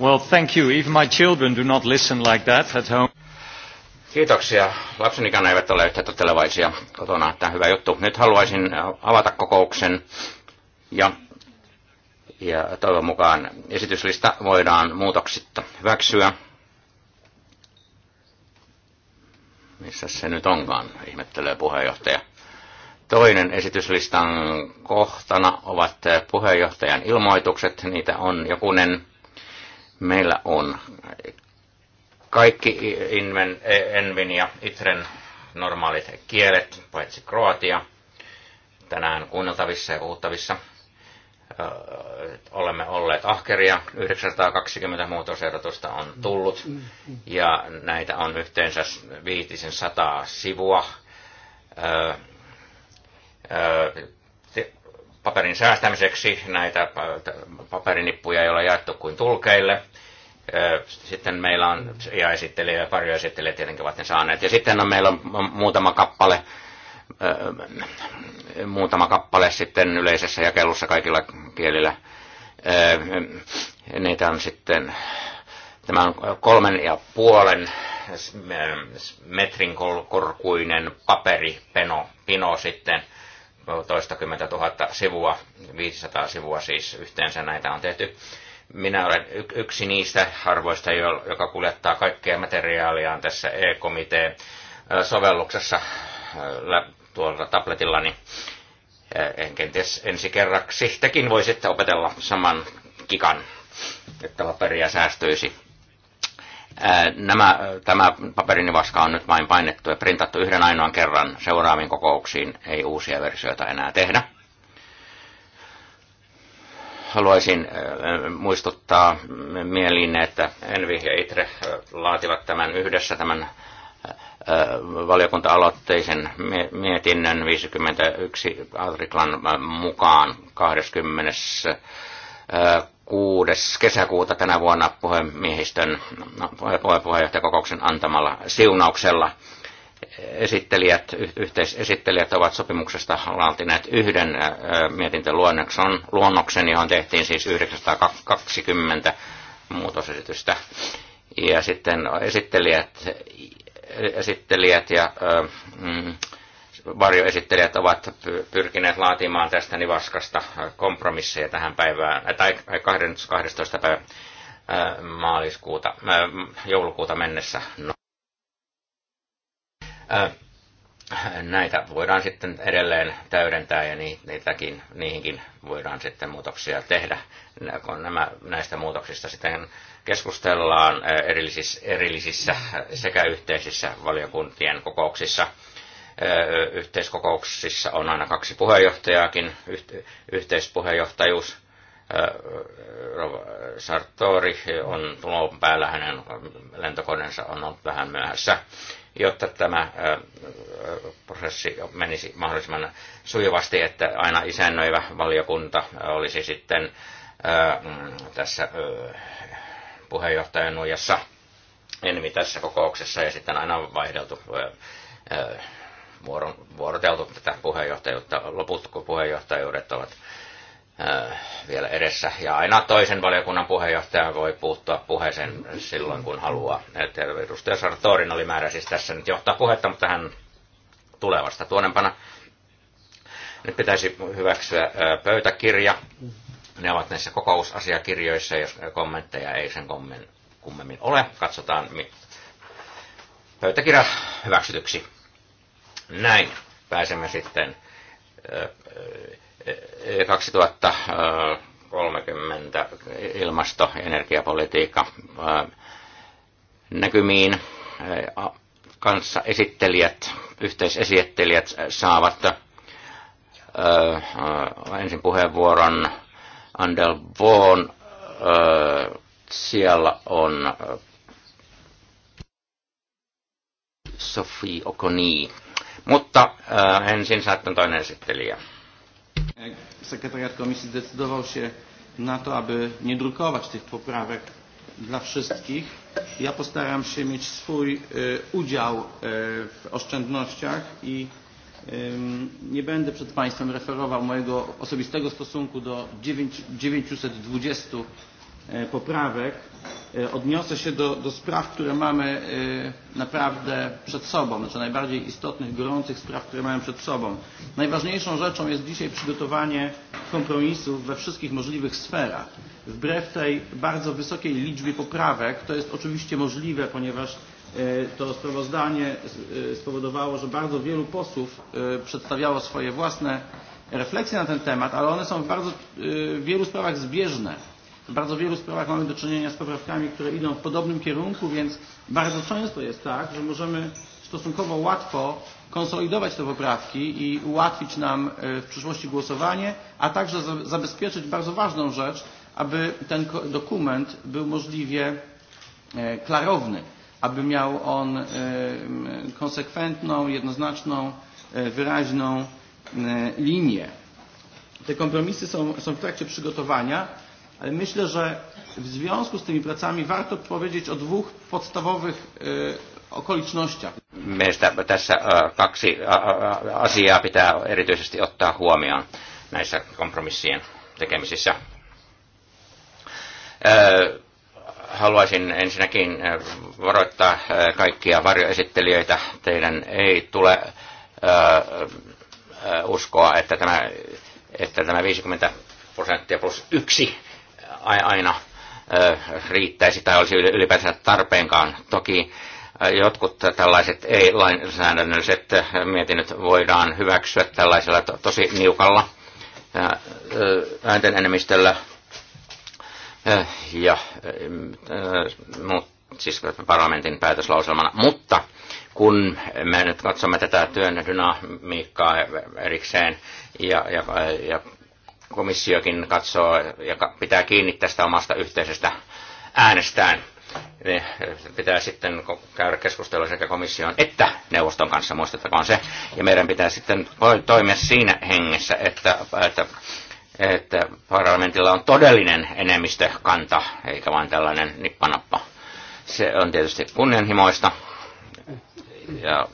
Well, thank you. Even my children do not listen like that at home. Kiitoksia. Lapsenikään eivät ole yhtä tottelevaisia kotona. Tämä on hyvä juttu. Nyt haluaisin avata kokouksen ja, ja toivon mukaan esityslista voidaan muutoksitta hyväksyä. Missä se nyt onkaan, ihmettelee puheenjohtaja. Toinen esityslistan kohtana ovat puheenjohtajan ilmoitukset. Niitä on jokunen meillä on kaikki Inven, Envin ja Itren normaalit kielet, paitsi Kroatia, tänään kuunneltavissa ja puhuttavissa. Olemme olleet ahkeria, 920 muutosehdotusta on tullut ja näitä on yhteensä viitisen sataa sivua. Paperin säästämiseksi näitä paperinippuja ei ole jaettu kuin tulkeille sitten meillä on, ja esittelijä ja pari esittelijä tietenkin ovat ne saaneet. Ja sitten on, meillä on muutama kappale, muutama kappale sitten yleisessä jakelussa kaikilla kielillä. Niitä on sitten, tämä on kolmen ja puolen metrin korkuinen paperipeno, pino sitten, toistakymmentä tuhatta sivua, 500 sivua siis yhteensä näitä on tehty minä olen yksi niistä harvoista, joka kuljettaa kaikkea materiaaliaan tässä e komiteen sovelluksessa tuolla tabletillani. En kenties ensi kerraksi tekin voisitte opetella saman kikan, että paperia säästyisi. Nämä, tämä paperinivaska on nyt vain painettu ja printattu yhden ainoan kerran. Seuraaviin kokouksiin ei uusia versioita enää tehdä haluaisin äh, muistuttaa mieliin, että Envi ja Itre äh, laativat tämän yhdessä tämän äh, valiokunta-aloitteisen mietinnön 51 Atriklan mukaan 20 6. kesäkuuta tänä vuonna puhemiehistön no, puheenjohtajakokouksen antamalla siunauksella – esittelijät, yhteisesittelijät ovat sopimuksesta laatineet yhden äh, mietintöluonnoksen, luonnoksen, johon tehtiin siis 920 muutosesitystä. Ja sitten esittelijät, esittelijät ja äh, mm, varjoesittelijät ovat pyrkineet laatimaan tästä nivaskasta kompromisseja tähän päivään, äh, tai 12. päivä maaliskuuta, joulukuuta mennessä. Äh, näitä voidaan sitten edelleen täydentää ja niitäkin, niihinkin voidaan sitten muutoksia tehdä. Kun nämä, näistä muutoksista sitten keskustellaan äh, erillisissä, erillisissä sekä yhteisissä valiokuntien kokouksissa. Äh, yhteiskokouksissa on aina kaksi puheenjohtajaakin, yhteispuheenjohtajuus. Sartori on tulon päällä, hänen lentokoneensa on ollut vähän myöhässä jotta tämä prosessi menisi mahdollisimman sujuvasti, että aina isännöivä valiokunta olisi sitten mm, tässä puheenjohtajan nujassa enemmän tässä kokouksessa ja sitten aina on vaihdeltu vuoroteltu tätä puheenjohtajuutta. Loput puheenjohtajuudet ovat Äh, vielä edessä. Ja aina toisen valiokunnan puheenjohtaja voi puuttua puheeseen silloin, kun haluaa. edustaja Sartorin oli määrä siis tässä nyt johtaa puhetta, mutta hän tulee vasta tuonempana. Nyt pitäisi hyväksyä äh, pöytäkirja. Ne ovat näissä kokousasiakirjoissa, jos kommentteja ei sen kummemmin ole. Katsotaan pöytäkirja hyväksytyksi. Näin pääsemme sitten äh, 2030 e, ilmasto- ja energiapolitiikka näkymiin kanssa esittelijät, yhteisesittelijät saavat ensin puheenvuoron Andel Vaughan. Siellä on Sophie Okoni. Mutta ensin saattaa toinen esittelijä. Sekretariat komisji zdecydował się na to, aby nie drukować tych poprawek dla wszystkich. Ja postaram się mieć swój udział w oszczędnościach i nie będę przed Państwem referował mojego osobistego stosunku do 920 E, poprawek e, odniosę się do, do spraw, które mamy e, naprawdę przed sobą, znaczy najbardziej istotnych, gorących spraw, które mamy przed sobą. Najważniejszą rzeczą jest dzisiaj przygotowanie kompromisów we wszystkich możliwych sferach. Wbrew tej bardzo wysokiej liczbie poprawek, to jest oczywiście możliwe, ponieważ to sprawozdanie spowodowało, że bardzo wielu posłów przedstawiało swoje własne refleksje na ten temat, ale one są w bardzo w wielu sprawach zbieżne W bardzo wielu sprawach mamy do czynienia z poprawkami, które idą w podobnym kierunku, więc bardzo często jest tak, że możemy stosunkowo łatwo konsolidować te poprawki i ułatwić nam e, w przyszłości głosowanie, a także zabezpieczyć bardzo ważną rzecz, aby ten dokument był możliwie e, klarowny, aby miał on e, konsekwentną, jednoznaczną, wyraźną linię. Te kompromisy są, są w trakcie przygotowania ale myślę, że w związku z tymi pracami warto powiedzieć o dwóch podstawowych y, e, okolicznościach. Meistä tässä uh, kaksi uh, asiaa pitää erityisesti ottaa huomioon näissä kompromissien tekemisissä. Uh, Haluaisin ensinnäkin varoittaa kaikkia varjoesittelijöitä. Teidän ei tule uskoa, että tämä, että tämä 50 prosenttia plus yksi aina riittäisi tai olisi ylipäänsä tarpeenkaan. Toki jotkut tällaiset ei-lainsäädännölliset mietinnöt voidaan hyväksyä tällaisella tosi niukalla äänten enemmistöllä. Ja, siis parlamentin päätöslauselmana. Mutta kun me nyt katsomme tätä työn dynamiikkaa erikseen ja, ja, ja komissiokin katsoo ja pitää kiinni tästä omasta yhteisestä äänestään. Ne pitää sitten käydä keskustelua sekä komission että neuvoston kanssa, muistettakoon se. Ja meidän pitää sitten toimia siinä hengessä, että, että, että parlamentilla on todellinen enemmistökanta, eikä vain tällainen nippanappa. Se on tietysti kunnianhimoista. Ja,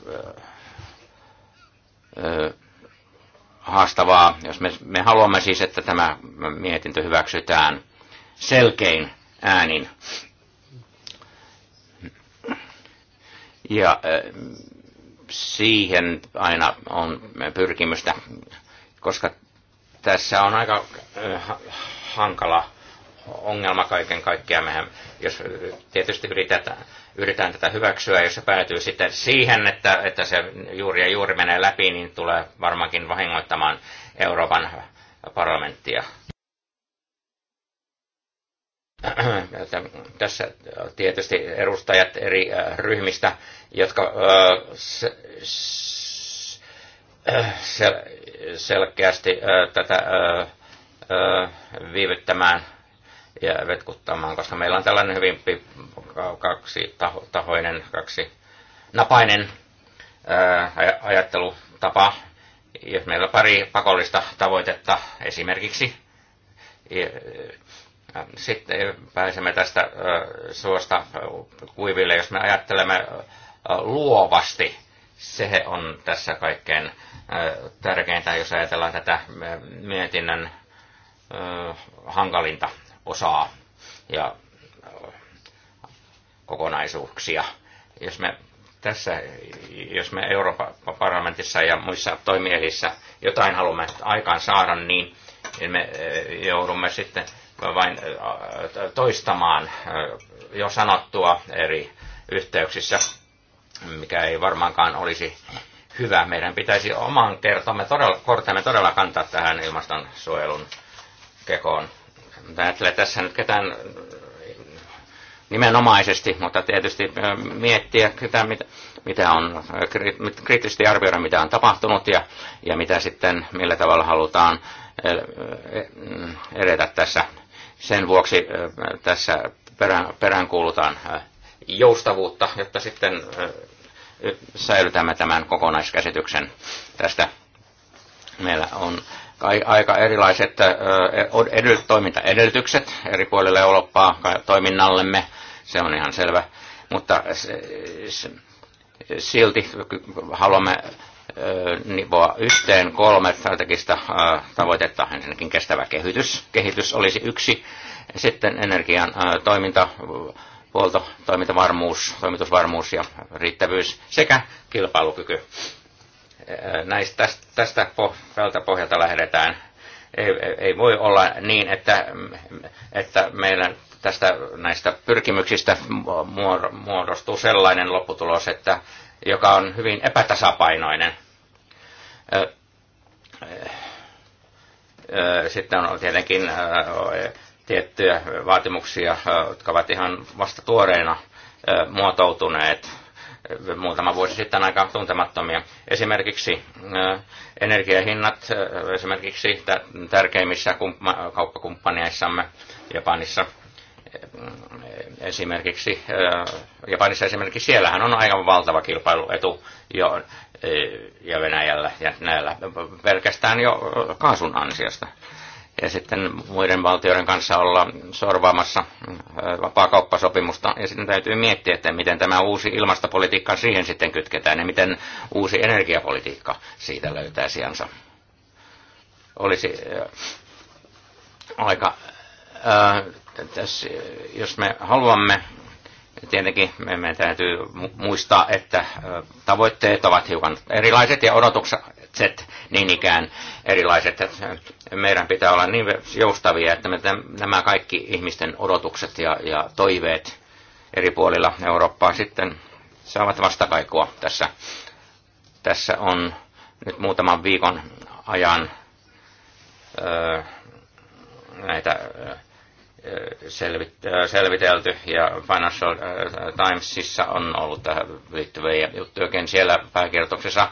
haastavaa, jos me, me haluamme siis, että tämä mietintö hyväksytään selkein äänin. Ja siihen aina on pyrkimystä, koska tässä on aika hankala ongelma kaiken kaikkiaan. Mehän, jos tietysti yritetään, yritetään tätä hyväksyä, jos se päätyy sitten siihen, että, että se juuri ja juuri menee läpi, niin tulee varmaankin vahingoittamaan Euroopan parlamenttia. Tässä tietysti edustajat eri äh, ryhmistä, jotka äh, äh, selkeästi tätä viivyttämään – ja vetkuttamaan, koska meillä on tällainen hyvin kaksi taho, tahoinen, kaksi napainen ää, ajattelutapa. Jos meillä on pari pakollista tavoitetta esimerkiksi, ja, sitten pääsemme tästä suosta kuiville, jos me ajattelemme luovasti. Se on tässä kaikkein tärkeintä, jos ajatellaan tätä mietinnän hankalinta osaa ja äh, kokonaisuuksia. Jos me tässä, jos me Euroopan parlamentissa ja muissa toimielissä jotain haluamme aikaan saada, niin me äh, joudumme sitten vain äh, toistamaan jo sanottua eri yhteyksissä, mikä ei varmaankaan olisi hyvä. Meidän pitäisi oman kertomme todella, kortemme todella kantaa tähän ilmastonsuojelun kekoon ajattelen tässä nyt ketään nimenomaisesti, mutta tietysti miettiä, sitä, mitä, mitä on, kriittisesti arvioida, mitä on tapahtunut ja, ja mitä sitten, millä tavalla halutaan mm, edetä tässä. Sen vuoksi tässä perään, peräänkuulutaan joustavuutta, jotta sitten säilytämme tämän kokonaiskäsityksen tästä. Meillä on aika erilaiset e, toimintaedellytykset eri puolille Eurooppaa toiminnallemme, se on ihan selvä. Mutta silti haluamme nivoa yhteen kolme strategista tavoitetta. Ensinnäkin kestävä kehitys. Kehitys olisi yksi. Sitten energian toiminta, huolto, toimintavarmuus, toimitusvarmuus ja riittävyys sekä kilpailukyky. Äh, näistä, tästä tältä pohjalta lähdetään. Ei, ei voi olla niin, että, että meillä tästä näistä pyrkimyksistä muodostuu sellainen lopputulos, että, joka on hyvin epätasapainoinen. Sitten on tietenkin tiettyjä vaatimuksia, jotka ovat ihan vasta tuoreena muotoutuneet muutama vuosi sitten aika tuntemattomia. Esimerkiksi äh, energiahinnat äh, esimerkiksi tärkeimmissä kauppakumppaneissamme Japanissa äh, esimerkiksi, Japanissa esimerkiksi siellähän on aivan valtava kilpailuetu jo, ja Venäjällä ja näillä pelkästään jo kaasun ansiosta ja sitten muiden valtioiden kanssa olla sorvaamassa äh, kauppasopimusta. Ja sitten täytyy miettiä, että miten tämä uusi ilmastopolitiikka siihen sitten kytketään ja miten uusi energiapolitiikka siitä löytää sijansa. Olisi äh, aika, ää, äh, täs, jos me haluamme, tietenkin meidän täytyy muistaa, että tavoitteet ovat hiukan erilaiset ja odotukset set niin ikään erilaiset. Meidän pitää olla niin joustavia, että me nämä kaikki ihmisten odotukset ja, ja toiveet eri puolilla Eurooppaa sitten saavat vastakaikua tässä. Tässä on nyt muutaman viikon ajan öö, näitä selvitelty ja Financial Timesissa on ollut tähän liittyviä juttuja. siellä pääkirjoituksessa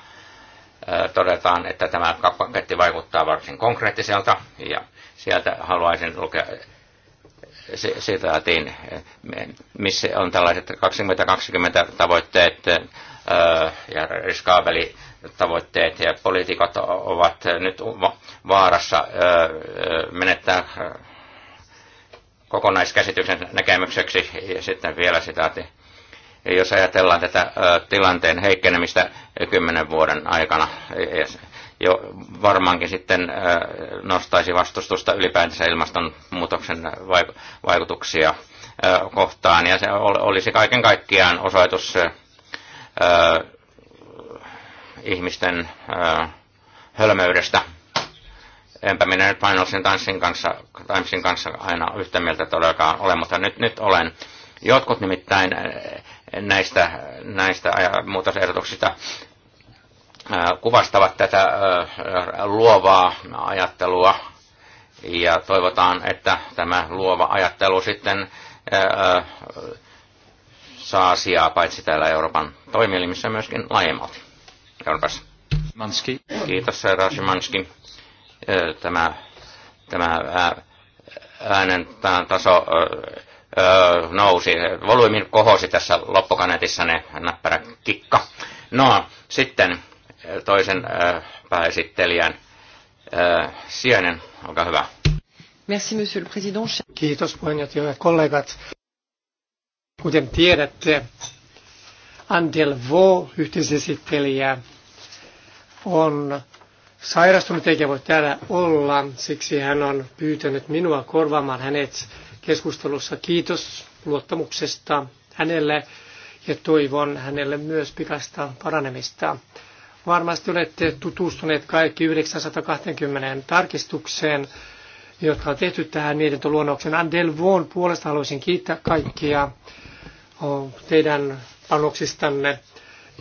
todetaan, että tämä paketti vaikuttaa varsin konkreettiselta ja sieltä haluaisin lukea sitaatiin, missä on tällaiset 2020 tavoitteet ja riskaaveli tavoitteet ja poliitikot ovat nyt vaarassa menettää kokonaiskäsityksen näkemykseksi ja sitten vielä sitaatti jos ajatellaan tätä tilanteen heikkenemistä kymmenen vuoden aikana, e, e, jo varmaankin sitten nostaisi vastustusta ylipäätänsä ilmastonmuutoksen vaikutuksia kohtaan. Ja se olisi kaiken kaikkiaan osoitus ihmisten hölmöydestä. Enpä minä nyt Final Timesin kanssa, Timesin kanssa aina yhtä mieltä todellakaan ole, mutta nyt, nyt olen. Jotkut nimittäin näistä, näistä muutosehdotuksista kuvastavat tätä luovaa ajattelua ja toivotaan, että tämä luova ajattelu sitten saa sijaa paitsi täällä Euroopan toimielimissä myöskin laajemmalti. Euroopassa. Manski. Kiitos, herra Manski. Tämä, tämä äänen taso nousi, volyymin kohosi tässä loppukaneetissa ne näppärä kikka. No, sitten toisen pääesittelijän sijainen, olkaa hyvä. Merci, monsieur le président. Kiitos puheenjohtaja ja kollegat. Kuten tiedätte, Andel Vo, yhteisesittelijä, on sairastunut eikä voi täällä olla, siksi hän on pyytänyt minua korvaamaan hänet keskustelussa. Kiitos luottamuksesta hänelle ja toivon hänelle myös pikasta paranemista. Varmasti olette tutustuneet kaikki 920 tarkistukseen, jotka on tehty tähän mietintöluonnoksen. Andel Vuon puolesta haluaisin kiittää kaikkia oh, teidän panoksistanne,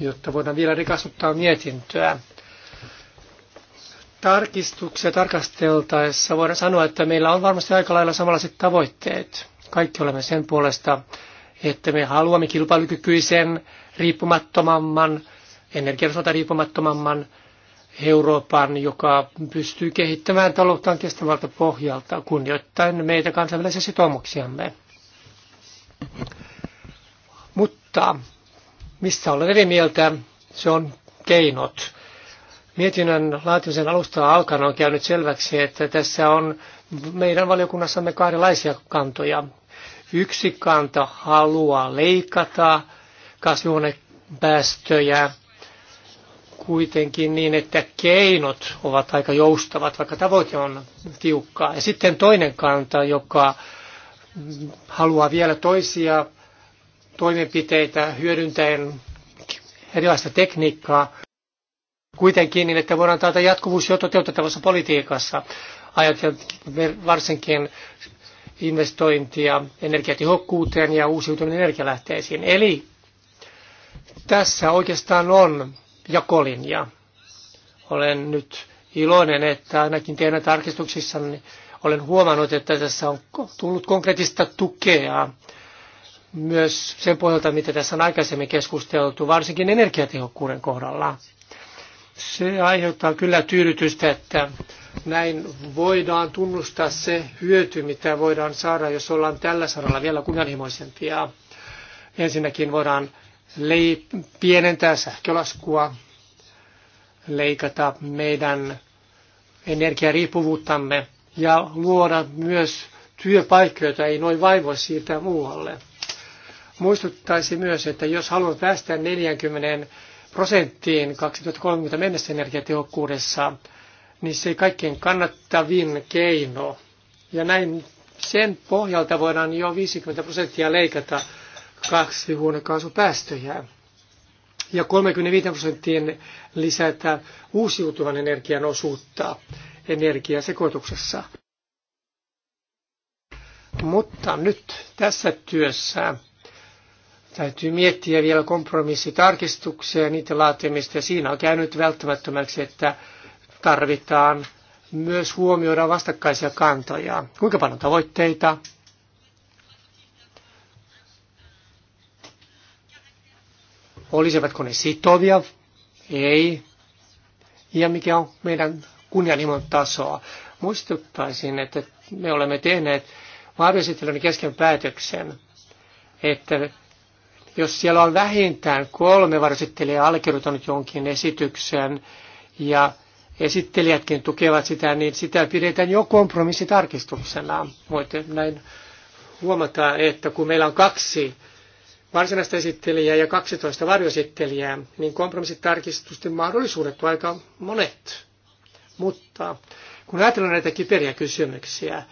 jotta voidaan vielä rikastuttaa mietintöä tarkistuksia tarkasteltaessa voidaan sanoa, että meillä on varmasti aika lailla samanlaiset tavoitteet. Kaikki olemme sen puolesta, että me haluamme kilpailukykyisen, riippumattomamman, energiaosalta riippumattomamman Euroopan, joka pystyy kehittämään talouttaan kestävältä pohjalta kunnioittain meitä kansainvälisiä sitoumuksiamme. Mutta mistä olen eri mieltä, se on keinot. Mietinnän laatimisen alusta alkaen on käynyt selväksi, että tässä on meidän valiokunnassamme kahdenlaisia kantoja. Yksi kanta haluaa leikata kasvihuonepäästöjä kuitenkin niin, että keinot ovat aika joustavat, vaikka tavoite on tiukkaa. Ja sitten toinen kanta, joka haluaa vielä toisia toimenpiteitä hyödyntäen erilaista tekniikkaa, kuitenkin niin, että voidaan taata jatkuvuus jo toteutettavassa politiikassa. Ajateltiin varsinkin investointia energiatehokkuuteen ja uusiutuviin energialähteisiin. Eli tässä oikeastaan on jakolinja. Olen nyt iloinen, että ainakin teidän tarkistuksissanne olen huomannut, että tässä on tullut konkreettista tukea myös sen pohjalta, mitä tässä on aikaisemmin keskusteltu, varsinkin energiatehokkuuden kohdalla. Se aiheuttaa kyllä tyydytystä, että näin voidaan tunnustaa se hyöty, mitä voidaan saada, jos ollaan tällä saralla vielä kunnianhimoisempia. Ensinnäkin voidaan pienentää sähkölaskua, leikata meidän energiariippuvuuttamme ja luoda myös työpaikkoja, joita ei noin vaivoa siirtää muualle. Muistuttaisi myös, että jos haluat päästä 40 prosenttiin 2030 mennessä energiatehokkuudessa, niin se ei kaikkein kannattavin keino. Ja näin sen pohjalta voidaan jo 50 prosenttia leikata kasvihuonekaasupäästöjä ja 35 prosenttiin lisätä uusiutuvan energian osuutta energiasekoituksessa. Mutta nyt tässä työssä Täytyy miettiä vielä kompromissitarkistuksia ja niiden laatimista. Ja siinä on käynyt välttämättömäksi, että tarvitaan myös huomioida vastakkaisia kantoja. Kuinka paljon tavoitteita, Olisivatko ne sitovia? Ei. Ja mikä on meidän kunnianhimon tasoa? Muistuttaisin, että me olemme tehneet vaarioesittelyn kesken päätöksen, että jos siellä on vähintään kolme varsittelijaa allekirjoittanut jonkin esityksen ja esittelijätkin tukevat sitä, niin sitä pidetään jo kompromissitarkistuksena. Voitte näin huomata, että kun meillä on kaksi varsinaista esittelijää ja 12 varjoesittelijää, niin kompromissitarkistusten mahdollisuudet ovat aika monet. Mutta kun ajatellaan näitä kiperiä kysymyksiä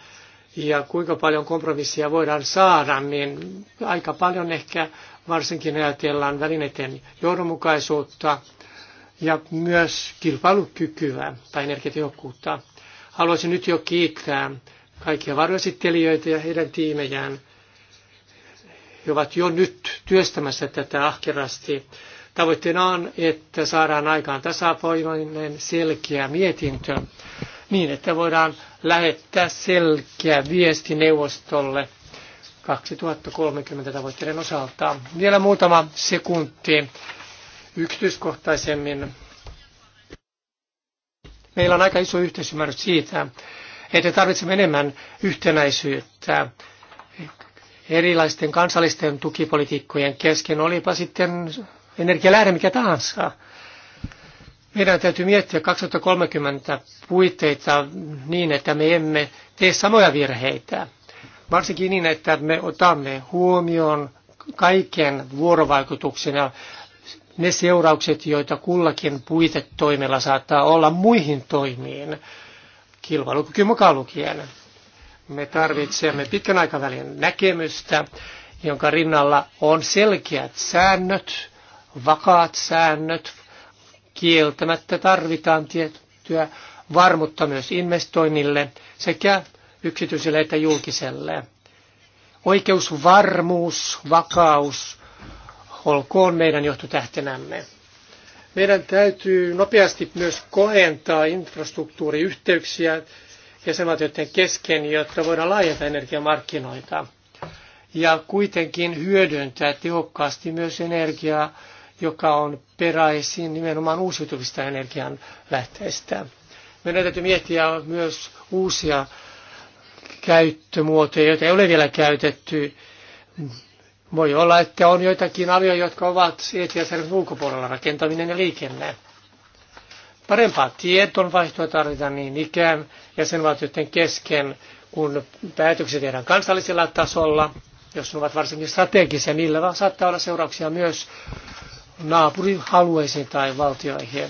ja kuinka paljon kompromissia voidaan saada, niin aika paljon ehkä varsinkin ajatellaan välineiden johdonmukaisuutta ja myös kilpailukykyä tai energiatehokkuutta. Haluaisin nyt jo kiittää kaikkia varoesittelijöitä ja heidän tiimejään. He ovat jo nyt työstämässä tätä ahkerasti. Tavoitteena on, että saadaan aikaan tasapainoinen selkeä mietintö niin, että voidaan lähettää selkeä viesti neuvostolle – 2030 tavoitteiden osalta. Vielä muutama sekunti yksityiskohtaisemmin. Meillä on aika iso yhteisymmärrys siitä, että tarvitsemme enemmän yhtenäisyyttä erilaisten kansallisten tukipolitiikkojen kesken, olipa sitten energialähde mikä tahansa. Meidän täytyy miettiä 2030 puitteita niin, että me emme tee samoja virheitä. Varsinkin niin, että me otamme huomioon kaiken vuorovaikutuksen ja ne seuraukset, joita kullakin puitetoimella saattaa olla muihin toimiin, kilpailukyky mukaan lukien. Me tarvitsemme pitkän aikavälin näkemystä, jonka rinnalla on selkeät säännöt, vakaat säännöt. Kieltämättä tarvitaan tiettyä varmuutta myös investoinnille sekä yksityiselle että julkiselle. Oikeusvarmuus, vakaus, olkoon meidän johtotähtenämme. Meidän täytyy nopeasti myös kohentaa infrastruktuuriyhteyksiä jäsenvaltioiden kesken, jotta voidaan laajentaa energiamarkkinoita ja kuitenkin hyödyntää tehokkaasti myös energiaa, joka on peräisin nimenomaan uusiutuvista energian lähteistä. Meidän täytyy miettiä myös uusia käyttömuotoja, joita ei ole vielä käytetty. Voi olla, että on joitakin avioja, jotka ovat ETSn ulkopuolella rakentaminen ja liikenne. Parempaa tietonvaihtoa tarvitaan niin ikään jäsenvaltioiden kesken, kun päätökset tehdään kansallisella tasolla, jos ne ovat varsinkin strategisia, niillä saattaa olla seurauksia myös naapurihalueisiin tai valtioihin.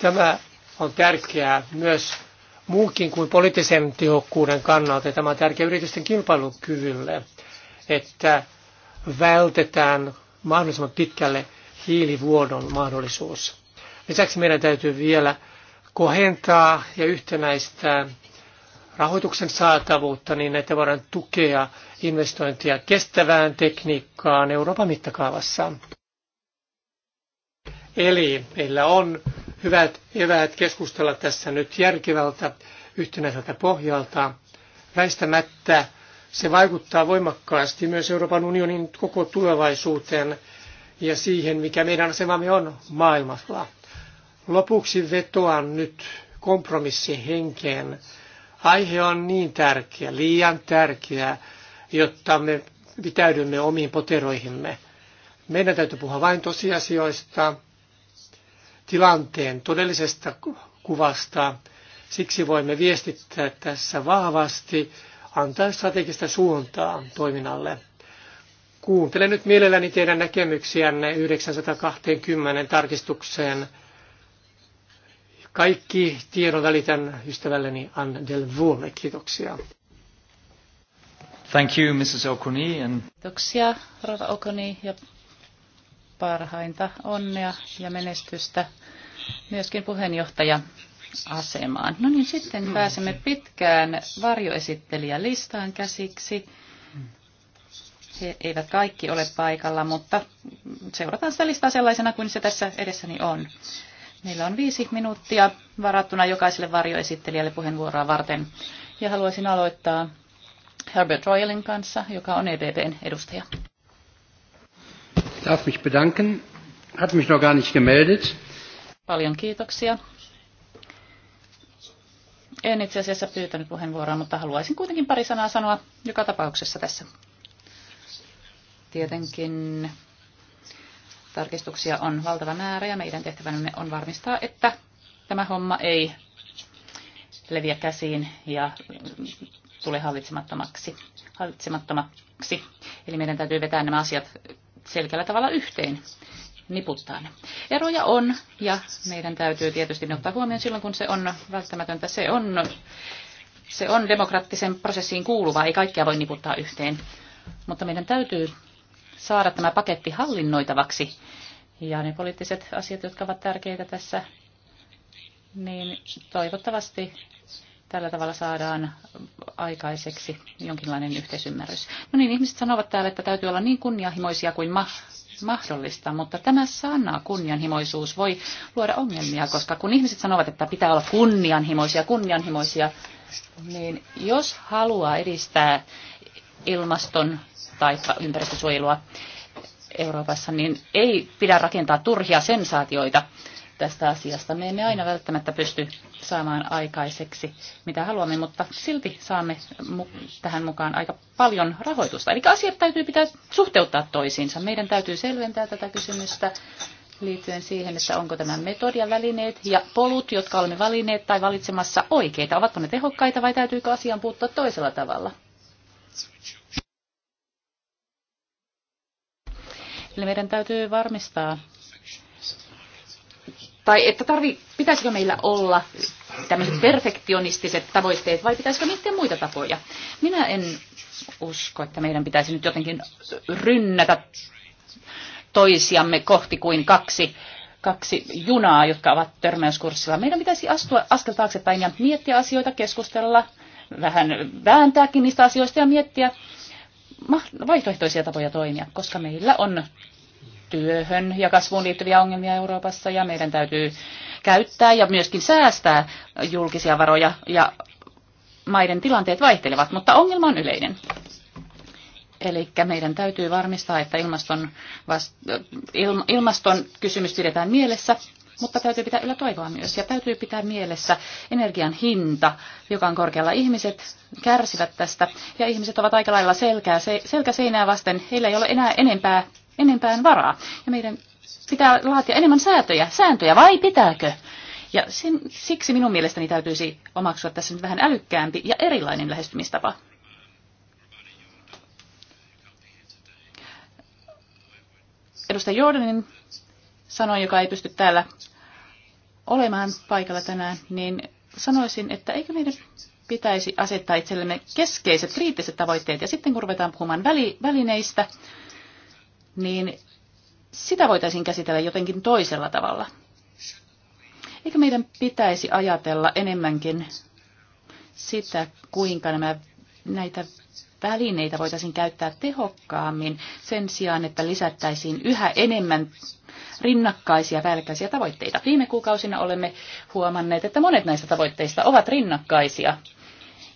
Tämä on tärkeää myös muukin kuin poliittisen tehokkuuden kannalta, ja tämä on tärkeä yritysten kilpailukyvylle, että vältetään mahdollisimman pitkälle hiilivuodon mahdollisuus. Lisäksi meidän täytyy vielä kohentaa ja yhtenäistää rahoituksen saatavuutta niin, että voidaan tukea investointia kestävään tekniikkaan Euroopan mittakaavassa. Eli meillä on hyvät eväät keskustella tässä nyt järkevältä yhtenäiseltä pohjalta. Väistämättä se vaikuttaa voimakkaasti myös Euroopan unionin koko tulevaisuuteen ja siihen, mikä meidän asemamme on maailmalla. Lopuksi vetoan nyt kompromissihenkeen. Aihe on niin tärkeä, liian tärkeä, jotta me pitäydymme omiin poteroihimme. Meidän täytyy puhua vain tosiasioista, tilanteen todellisesta kuvasta. Siksi voimme viestittää tässä vahvasti, antaa strategista suuntaa toiminnalle. Kuuntelen nyt mielelläni teidän näkemyksiänne 920 tarkistukseen. Kaikki tiedon välitän ystävälleni Anne Delvaulle. Kiitoksia. Thank you, Mrs. Okuni. And... Kiitoksia, Rova Okuni, ja parhainta onnea ja menestystä myöskin puheenjohtaja asemaan. No niin, sitten pääsemme pitkään varjoesittelijälistaan käsiksi. He eivät kaikki ole paikalla, mutta seurataan sitä listaa sellaisena kuin se tässä edessäni on. Meillä on viisi minuuttia varattuna jokaiselle varjoesittelijälle puheenvuoroa varten. Ja haluaisin aloittaa Herbert Royalin kanssa, joka on EBBn edustaja darf mich bedanken. Hat mich noch gar nicht gemeldet. Paljon kiitoksia. En itse asiassa pyytänyt puheenvuoroa, mutta haluaisin kuitenkin pari sanaa sanoa joka tapauksessa tässä. Tietenkin tarkistuksia on valtava määrä ja meidän tehtävämme on varmistaa, että tämä homma ei leviä käsiin ja tule hallitsemattomaksi. hallitsemattomaksi. Eli meidän täytyy vetää nämä asiat selkeällä tavalla yhteen niputtaa ne. Eroja on ja meidän täytyy tietysti ne ottaa huomioon silloin, kun se on välttämätöntä. Se on, se on demokraattisen prosessiin kuuluva, ei kaikkea voi niputtaa yhteen. Mutta meidän täytyy saada tämä paketti hallinnoitavaksi. Ja ne poliittiset asiat, jotka ovat tärkeitä tässä, niin toivottavasti tällä tavalla saadaan aikaiseksi jonkinlainen yhteisymmärrys. No niin, ihmiset sanovat täällä, että täytyy olla niin kunnianhimoisia kuin ma- mahdollista, mutta tämä sana kunnianhimoisuus voi luoda ongelmia, koska kun ihmiset sanovat, että pitää olla kunnianhimoisia, kunnianhimoisia, niin jos haluaa edistää ilmaston tai ympäristösuojelua Euroopassa, niin ei pidä rakentaa turhia sensaatioita tästä asiasta. Me emme aina välttämättä pysty saamaan aikaiseksi, mitä haluamme, mutta silti saamme tähän mukaan aika paljon rahoitusta. Eli asiat täytyy pitää suhteuttaa toisiinsa. Meidän täytyy selventää tätä kysymystä liittyen siihen, että onko tämä metodia, välineet ja polut, jotka olemme valinneet tai valitsemassa oikeita. Ovatko ne tehokkaita vai täytyykö asiaan puuttua toisella tavalla? Eli meidän täytyy varmistaa, tai että tarvi, pitäisikö meillä olla tämmöiset perfektionistiset tavoitteet vai pitäisikö miettiä muita tapoja? Minä en usko, että meidän pitäisi nyt jotenkin rynnätä toisiamme kohti kuin kaksi kaksi junaa, jotka ovat törmäyskurssilla. Meidän pitäisi astua askel taaksepäin ja miettiä asioita, keskustella, vähän vääntääkin niistä asioista ja miettiä vaihtoehtoisia tapoja toimia, koska meillä on työhön ja kasvuun liittyviä ongelmia Euroopassa ja meidän täytyy käyttää ja myöskin säästää julkisia varoja ja maiden tilanteet vaihtelevat, mutta ongelma on yleinen. Eli meidän täytyy varmistaa, että ilmaston, vast, il, ilmaston kysymys pidetään mielessä, mutta täytyy pitää yllä toivoa myös. Ja täytyy pitää mielessä energian hinta, joka on korkealla. Ihmiset kärsivät tästä ja ihmiset ovat aika lailla selkää, se, selkäseinää vasten. Heillä ei ole enää enempää enempään varaa. Ja meidän pitää laatia enemmän sääntöjä, sääntöjä vai pitääkö? Ja sen, siksi minun mielestäni täytyisi omaksua tässä nyt vähän älykkäämpi ja erilainen lähestymistapa. Edustaja Jordanin sanoi, joka ei pysty täällä olemaan paikalla tänään, niin sanoisin, että eikö meidän pitäisi asettaa itsellemme keskeiset kriittiset tavoitteet ja sitten kun ruvetaan puhumaan välineistä, niin sitä voitaisiin käsitellä jotenkin toisella tavalla. Eikö meidän pitäisi ajatella enemmänkin sitä, kuinka nämä, näitä välineitä voitaisiin käyttää tehokkaammin sen sijaan, että lisättäisiin yhä enemmän rinnakkaisia välkäisiä tavoitteita. Viime kuukausina olemme huomanneet, että monet näistä tavoitteista ovat rinnakkaisia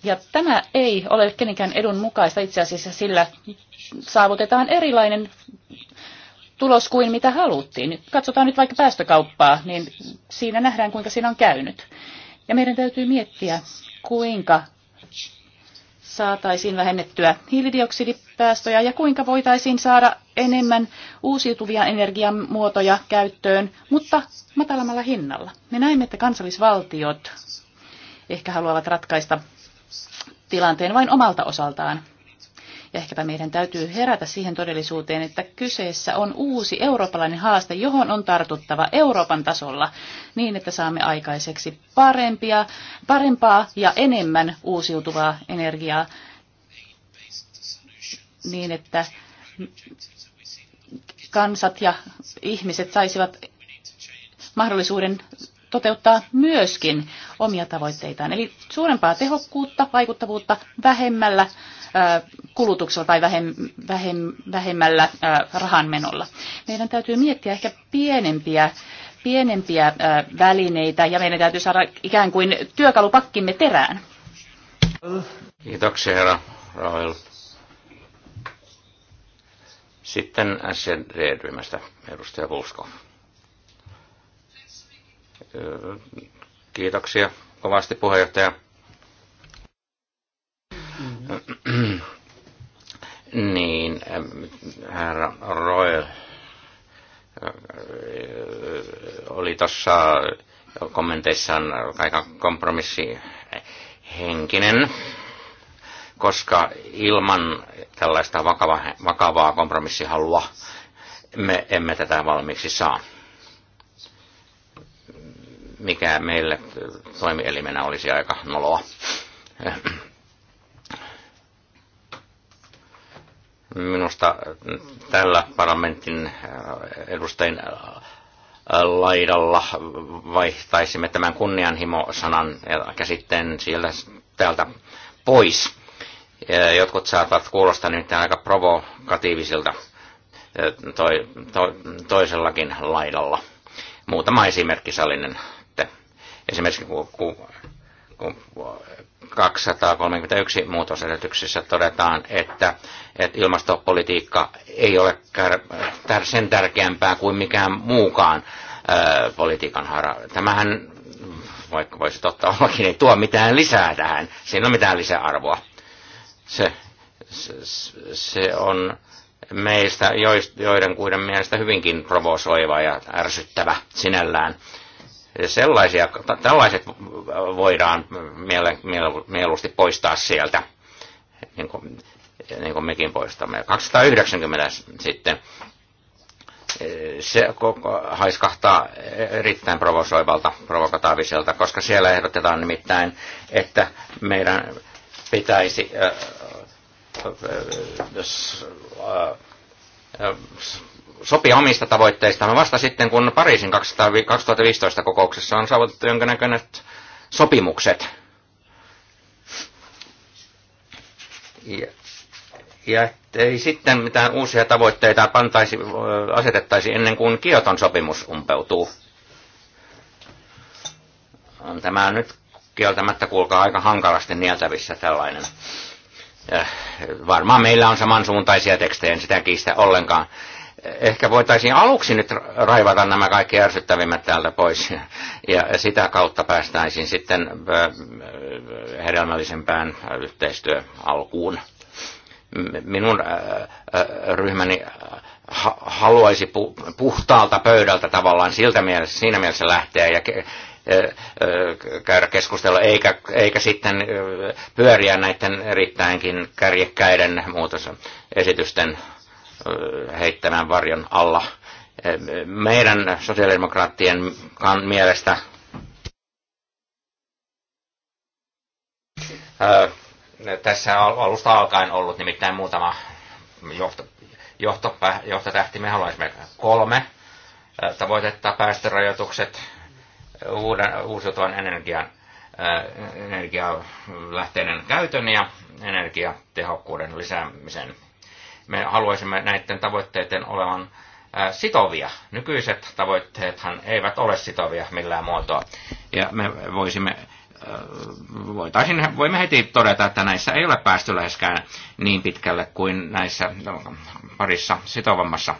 ja tämä ei ole kenenkään edun mukaista itse asiassa, sillä saavutetaan erilainen tulos kuin mitä haluttiin. Katsotaan nyt vaikka päästökauppaa, niin siinä nähdään kuinka siinä on käynyt. Ja meidän täytyy miettiä, kuinka saataisiin vähennettyä hiilidioksidipäästöjä ja kuinka voitaisiin saada enemmän uusiutuvia energiamuotoja käyttöön, mutta matalammalla hinnalla. Me näemme, että kansallisvaltiot ehkä haluavat ratkaista tilanteen vain omalta osaltaan. Ja ehkäpä meidän täytyy herätä siihen todellisuuteen, että kyseessä on uusi eurooppalainen haaste, johon on tartuttava Euroopan tasolla niin, että saamme aikaiseksi parempia, parempaa ja enemmän uusiutuvaa energiaa niin, että kansat ja ihmiset saisivat mahdollisuuden toteuttaa myöskin omia tavoitteitaan. Eli suurempaa tehokkuutta, vaikuttavuutta vähemmällä kulutuksella tai vähem, vähem, vähemmällä rahanmenolla. Meidän täytyy miettiä ehkä pienempiä pienempiä välineitä ja meidän täytyy saada ikään kuin työkalupakkimme terään. Kiitoksia herra Rael. Sitten SND-ryhmästä edustaja Vulskov. Kiitoksia kovasti puheenjohtaja. Mm-hmm. niin, herra Royal oli tuossa kommenteissaan aika kompromissi henkinen, koska ilman tällaista vakava, vakavaa kompromissihalua me emme tätä valmiiksi saa mikä meille toimielimenä olisi aika noloa. Minusta tällä parlamentin edustajien laidalla vaihtaisimme tämän kunnianhimo-sanan ja käsitteen sieltä täältä pois. Jotkut saattavat kuulostaa nyt aika provokatiivisilta toi, to, toisellakin laidalla. Muutama esimerkki sallinen Esimerkiksi kun 231 muutosesityksessä todetaan, että, että ilmastopolitiikka ei ole sen tärkeämpää kuin mikään muukaan ää, politiikan hara. Tämähän, vaikka voisi totta ollakin, ei tuo mitään lisää tähän. Siinä on mitään lisäarvoa. Se, se, se on meistä joiden kuiden mielestä hyvinkin provosoiva ja ärsyttävä sinällään sellaisia, tällaiset voidaan miele, mieluusti poistaa sieltä, niin kuin, niin kuin mekin poistamme. 290 sitten, se koko haiskahtaa erittäin provosoivalta, provokataaviselta, koska siellä ehdotetaan nimittäin, että meidän pitäisi äh, äh, äh, äh, äh sopia omista tavoitteistaan no vasta sitten, kun Pariisin 2015 kokouksessa on saavutettu jonkinnäköiset sopimukset. Ja, ja ei sitten mitään uusia tavoitteita pantaisi, asetettaisi ennen kuin Kioton sopimus umpeutuu. On tämä nyt kieltämättä kuulkaa aika hankalasti nieltävissä tällainen. Ja äh, varmaan meillä on samansuuntaisia tekstejä, en sitä kiistä ollenkaan ehkä voitaisiin aluksi nyt raivata nämä kaikki ärsyttävimmät täältä pois ja sitä kautta päästäisiin sitten hedelmällisempään yhteistyöalkuun. Minun ryhmäni haluaisi puhtaalta pöydältä tavallaan siltä mielessä, siinä mielessä lähteä ja käydä keskustelua, eikä, eikä sitten pyöriä näiden erittäinkin kärjekkäiden muutosesitysten heittämään varjon alla. Meidän sosiaalidemokraattien mielestä tässä alusta alkaen ollut nimittäin muutama johto, johtotähti. Me haluaisimme kolme tavoitetta, päästörajoitukset, uuden, uusiutuvan energian energialähteiden käytön ja energiatehokkuuden lisäämisen. Me haluaisimme näiden tavoitteiden olevan äh, sitovia. Nykyiset tavoitteethan eivät ole sitovia millään muotoa. Ja me voisimme äh, voitaisiin, voimme heti todeta, että näissä ei ole päästy läheskään niin pitkälle kuin näissä parissa sitovammassa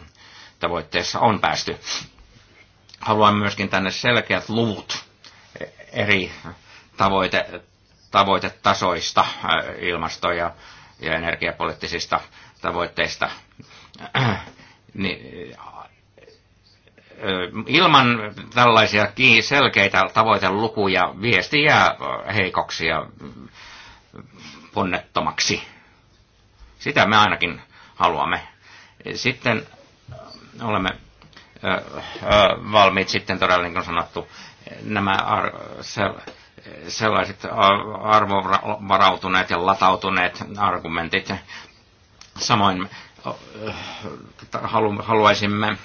tavoitteessa on päästy. Haluan myöskin tänne selkeät luvut eri tavoite, tavoitetasoista äh, ilmasto- ja, ja energiapoliittisista tavoitteista. ilman tällaisia selkeitä tavoitelukuja viesti jää heikoksi ja ponnettomaksi. Sitä me ainakin haluamme. Sitten olemme valmiit sitten todella, niin kuin sanottu, nämä ar- sellaiset arvovarautuneet ja latautuneet argumentit Samoin haluaisimme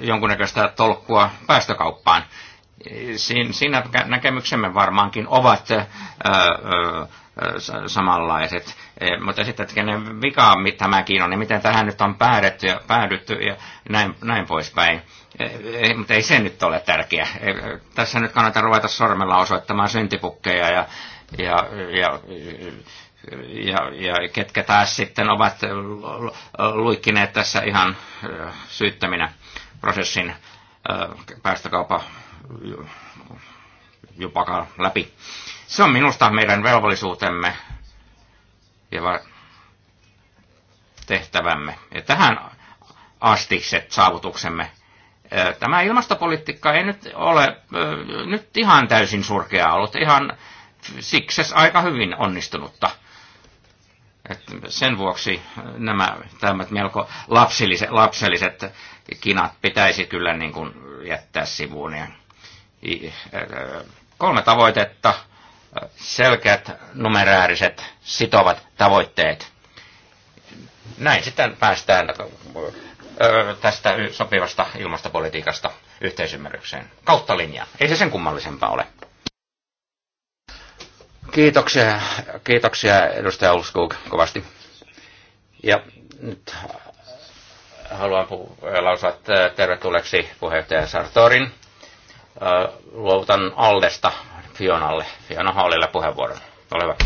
jonkunnäköistä tolkkua päästökauppaan. Siinä näkemyksemme varmaankin ovat samanlaiset. E, mutta sitten, että kenen vika tämäkin on, niin miten tähän nyt on päädytty ja, päädytty ja näin, näin poispäin. Ei, e, mutta ei se nyt ole tärkeä. E, tässä nyt kannattaa ruveta sormella osoittamaan syntipukkeja ja, ja, ja ja, ja ketkä taas sitten ovat luikkineet tässä ihan syyttäminä prosessin päästökaupa jupaka läpi. Se on minusta meidän velvollisuutemme ja tehtävämme. Ja tähän se saavutuksemme. Tämä ilmastopolitiikka ei nyt ole nyt ihan täysin surkea ollut, ihan siksi aika hyvin onnistunutta. Et sen vuoksi nämä tämmöiset melko lapsilliset, lapselliset kinat pitäisi kyllä niin kuin jättää sivuun. Ja kolme tavoitetta, selkeät numerääriset sitovat tavoitteet. Näin sitten päästään tästä sopivasta ilmastopolitiikasta yhteisymmärrykseen. Kautta linjaa. Ei se sen kummallisempaa ole. Kiitoksia, kiitoksia edustaja Ulskog kovasti. Ja nyt haluan lausua tervetulleeksi puheenjohtaja Sartorin. Luovutan Aldesta Fionalle, Fiona Hallille puheenvuoron. Ole hyvä.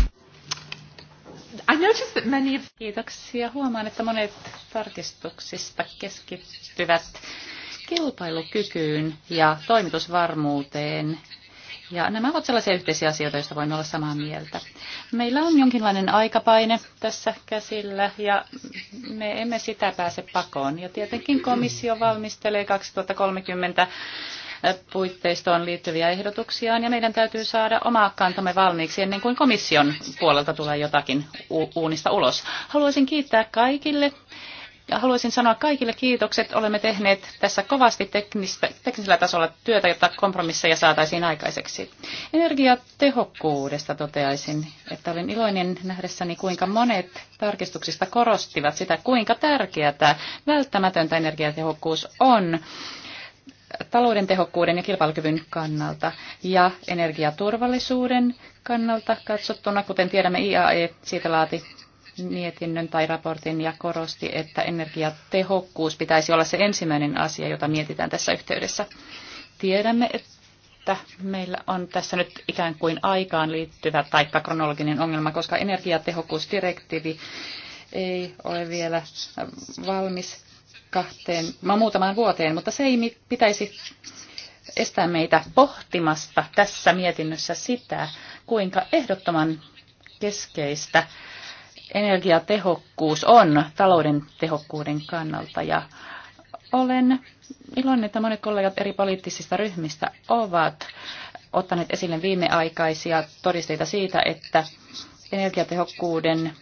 I noticed that many... Kiitoksia. Huomaan, että monet tarkistuksista keskittyvät kilpailukykyyn ja toimitusvarmuuteen ja nämä ovat sellaisia yhteisiä asioita, joista voimme olla samaa mieltä. Meillä on jonkinlainen aikapaine tässä käsillä ja me emme sitä pääse pakoon. Ja tietenkin komissio valmistelee 2030 puitteistoon liittyviä ehdotuksiaan ja meidän täytyy saada oma kantamme valmiiksi ennen kuin komission puolelta tulee jotakin uunista ulos. Haluaisin kiittää kaikille ja haluaisin sanoa kaikille kiitokset. Olemme tehneet tässä kovasti teknistä, teknisellä tasolla työtä, jotta kompromisseja saataisiin aikaiseksi. Energiatehokkuudesta toteaisin, että olin iloinen nähdessäni, kuinka monet tarkistuksista korostivat sitä, kuinka tärkeää välttämätöntä energiatehokkuus on talouden tehokkuuden ja kilpailukyvyn kannalta ja energiaturvallisuuden kannalta katsottuna, kuten tiedämme IAE siitä laati mietinnön tai raportin ja korosti, että energiatehokkuus pitäisi olla se ensimmäinen asia, jota mietitään tässä yhteydessä. Tiedämme, että meillä on tässä nyt ikään kuin aikaan liittyvä tai kronologinen ongelma, koska energiatehokkuusdirektiivi ei ole vielä valmis kahteen, muutamaan vuoteen, mutta se ei pitäisi estää meitä pohtimasta tässä mietinnössä sitä, kuinka ehdottoman keskeistä energiatehokkuus on talouden tehokkuuden kannalta ja olen iloinen, että monet kollegat eri poliittisista ryhmistä ovat ottaneet esille viimeaikaisia todisteita siitä, että energiatehokkuuden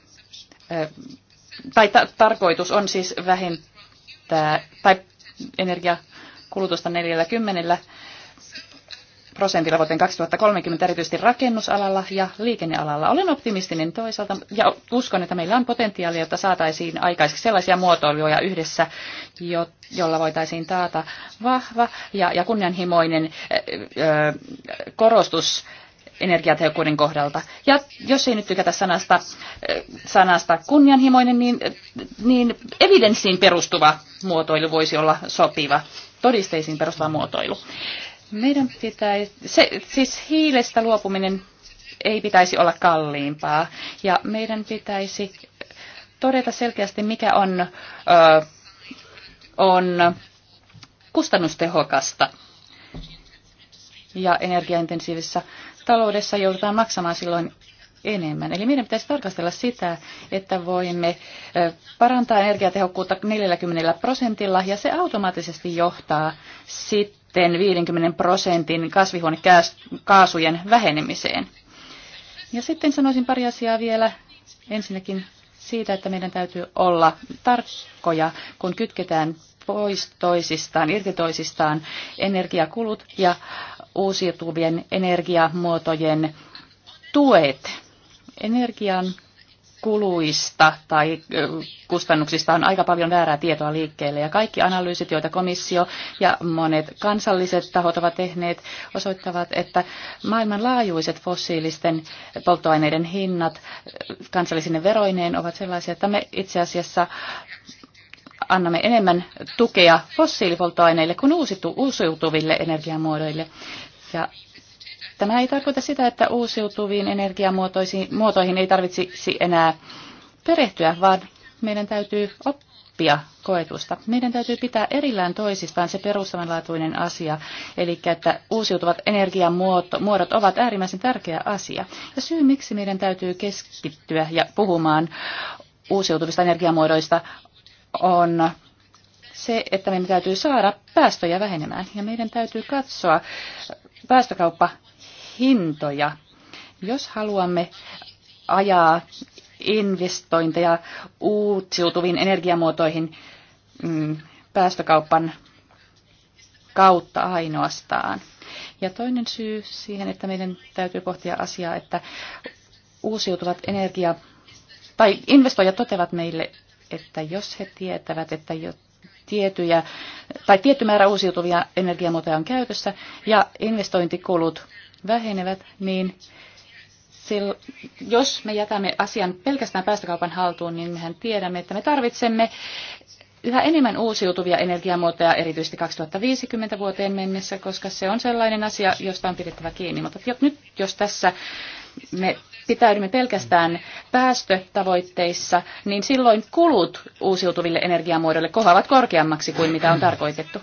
tai ta- tarkoitus on siis vähentää tai energiakulutusta 40 prosentilla vuoteen 2030 erityisesti rakennusalalla ja liikennealalla. Olen optimistinen toisaalta ja uskon, että meillä on potentiaalia, jotta saataisiin aikaiseksi sellaisia muotoiluja yhdessä, jo, jolla voitaisiin taata vahva ja, ja kunnianhimoinen ö, ö, korostus energiatehokkuuden kohdalta. Ja jos ei nyt tykätä sanasta, sanasta kunnianhimoinen, niin, niin evidenssiin perustuva muotoilu voisi olla sopiva, todisteisiin perustuva muotoilu. Meidän pitäisi, se, siis hiilestä luopuminen ei pitäisi olla kalliimpaa ja meidän pitäisi todeta selkeästi, mikä on, ö, on kustannustehokasta. Ja energiaintensiivisessä taloudessa joudutaan maksamaan silloin enemmän. Eli meidän pitäisi tarkastella sitä, että voimme parantaa energiatehokkuutta 40 prosentilla ja se automaattisesti johtaa sitten sitten 50 prosentin kasvihuonekaasujen vähenemiseen. Ja sitten sanoisin pari asiaa vielä ensinnäkin siitä, että meidän täytyy olla tarkkoja, kun kytketään pois toisistaan, irti toisistaan energiakulut ja uusiutuvien energiamuotojen tuet. Energian kuluista tai kustannuksista on aika paljon väärää tietoa liikkeelle. Ja kaikki analyysit, joita komissio ja monet kansalliset tahot ovat tehneet, osoittavat, että maailmanlaajuiset fossiilisten polttoaineiden hinnat kansallisine veroineen ovat sellaisia, että me itse asiassa annamme enemmän tukea fossiilipolttoaineille kuin uusiutuville energiamuodoille. Ja Tämä ei tarkoita sitä, että uusiutuviin energiamuotoihin ei tarvitsisi enää perehtyä, vaan meidän täytyy oppia koetusta. Meidän täytyy pitää erillään toisistaan se perustavanlaatuinen asia, eli että uusiutuvat energiamuodot ovat äärimmäisen tärkeä asia. Ja syy, miksi meidän täytyy keskittyä ja puhumaan uusiutuvista energiamuodoista, on se, että meidän täytyy saada päästöjä vähenemään. Ja meidän täytyy katsoa päästökauppa hintoja. Jos haluamme ajaa investointeja uutsiutuviin energiamuotoihin mm, päästökaupan kautta ainoastaan. Ja toinen syy siihen, että meidän täytyy pohtia asiaa, että uusiutuvat energia- tai investoijat toteavat meille, että jos he tietävät, että tietyjä, tai tietty määrä uusiutuvia energiamuotoja on käytössä ja investointikulut vähenevät, niin sillä, jos me jätämme asian pelkästään päästökaupan haltuun, niin mehän tiedämme, että me tarvitsemme yhä enemmän uusiutuvia energiamuotoja, erityisesti 2050 vuoteen mennessä, koska se on sellainen asia, josta on pidettävä kiinni. Mutta nyt jos tässä me pitäydymme pelkästään päästötavoitteissa, niin silloin kulut uusiutuville energiamuodoille kohoavat korkeammaksi kuin mitä on tarkoitettu.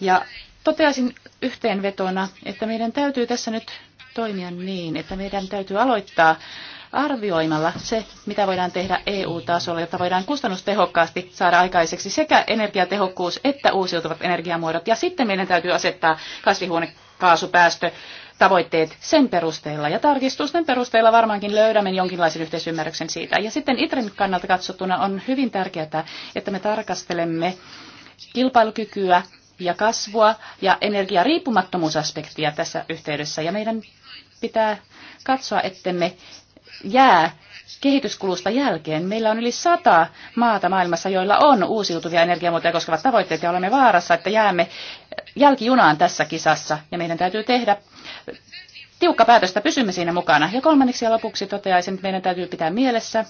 Ja toteaisin yhteenvetona, että meidän täytyy tässä nyt toimia niin, että meidän täytyy aloittaa arvioimalla se, mitä voidaan tehdä EU-tasolla, jotta voidaan kustannustehokkaasti saada aikaiseksi sekä energiatehokkuus että uusiutuvat energiamuodot. Ja sitten meidän täytyy asettaa kasvihuone kaasupäästö tavoitteet sen perusteella ja tarkistusten perusteella varmaankin löydämme jonkinlaisen yhteisymmärryksen siitä. Ja sitten ITREn kannalta katsottuna on hyvin tärkeää, että me tarkastelemme kilpailukykyä ja kasvua ja energiariippumattomuusaspektia tässä yhteydessä. Ja meidän pitää katsoa, ettemme jää kehityskulusta jälkeen. Meillä on yli sata maata maailmassa, joilla on uusiutuvia energiamuotoja koskevat tavoitteet ja olemme vaarassa, että jäämme jälkijunaan tässä kisassa ja meidän täytyy tehdä tiukka päätös, että pysymme siinä mukana. Ja kolmanneksi ja lopuksi toteaisin, että meidän täytyy pitää mielessä,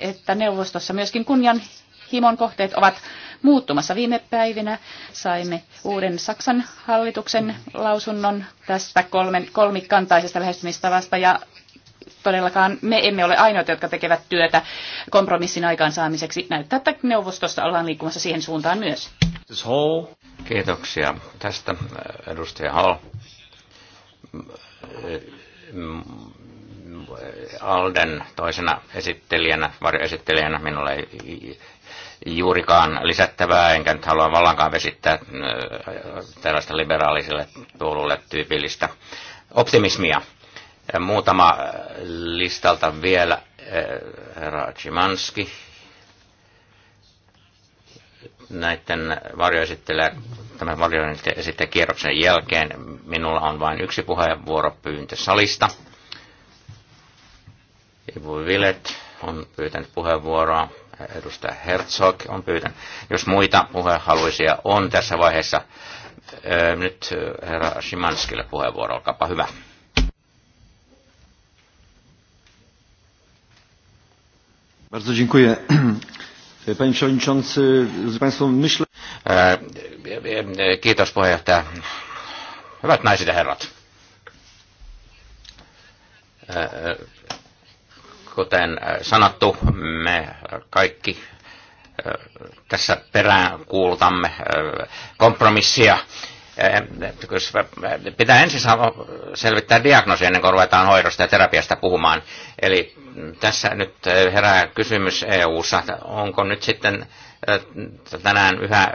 että neuvostossa myöskin kunnianhimon kohteet ovat muuttumassa. Viime päivinä saimme uuden Saksan hallituksen lausunnon tästä kolmen, kolmikantaisesta lähestymistavasta ja todellakaan me emme ole ainoita, jotka tekevät työtä kompromissin aikaansaamiseksi. Näyttää, että neuvostossa ollaan liikkumassa siihen suuntaan myös. Kiitoksia tästä, edustaja Hall. Alden toisena esittelijänä, varjoesittelijänä minulla ei juurikaan lisättävää, enkä nyt halua vallankaan vesittää äh, tällaista liberaalisille puolueelle tyypillistä optimismia. Muutama listalta vielä, äh, herra Chimanski, näiden varjoesittelijä, tämän varjoesittelijäkierroksen jälkeen minulla on vain yksi puheenvuoropyyntö salista. Ivo Vilet on pyytänyt puheenvuoroa, edustaja Herzog on pyytänyt. Jos muita puheenhaluisia on tässä vaiheessa, nyt herra Shimanskille puheenvuoro, olkaapa hyvä. Bardzo dziękuję. E, panie Przewodniczący, z Państwem myślę... E, e, kiitos puheenjohtaja. Hyvät naiset ja herrat. Kuten sanottu, me kaikki tässä perään kuulutamme kompromissia Äh, pitää ensin selvittää diagnoosi ennen kuin ruvetaan hoidosta ja terapiasta puhumaan. Eli mm, tässä nyt äh, herää kysymys EU-ssa, onko nyt sitten äh, tänään yhä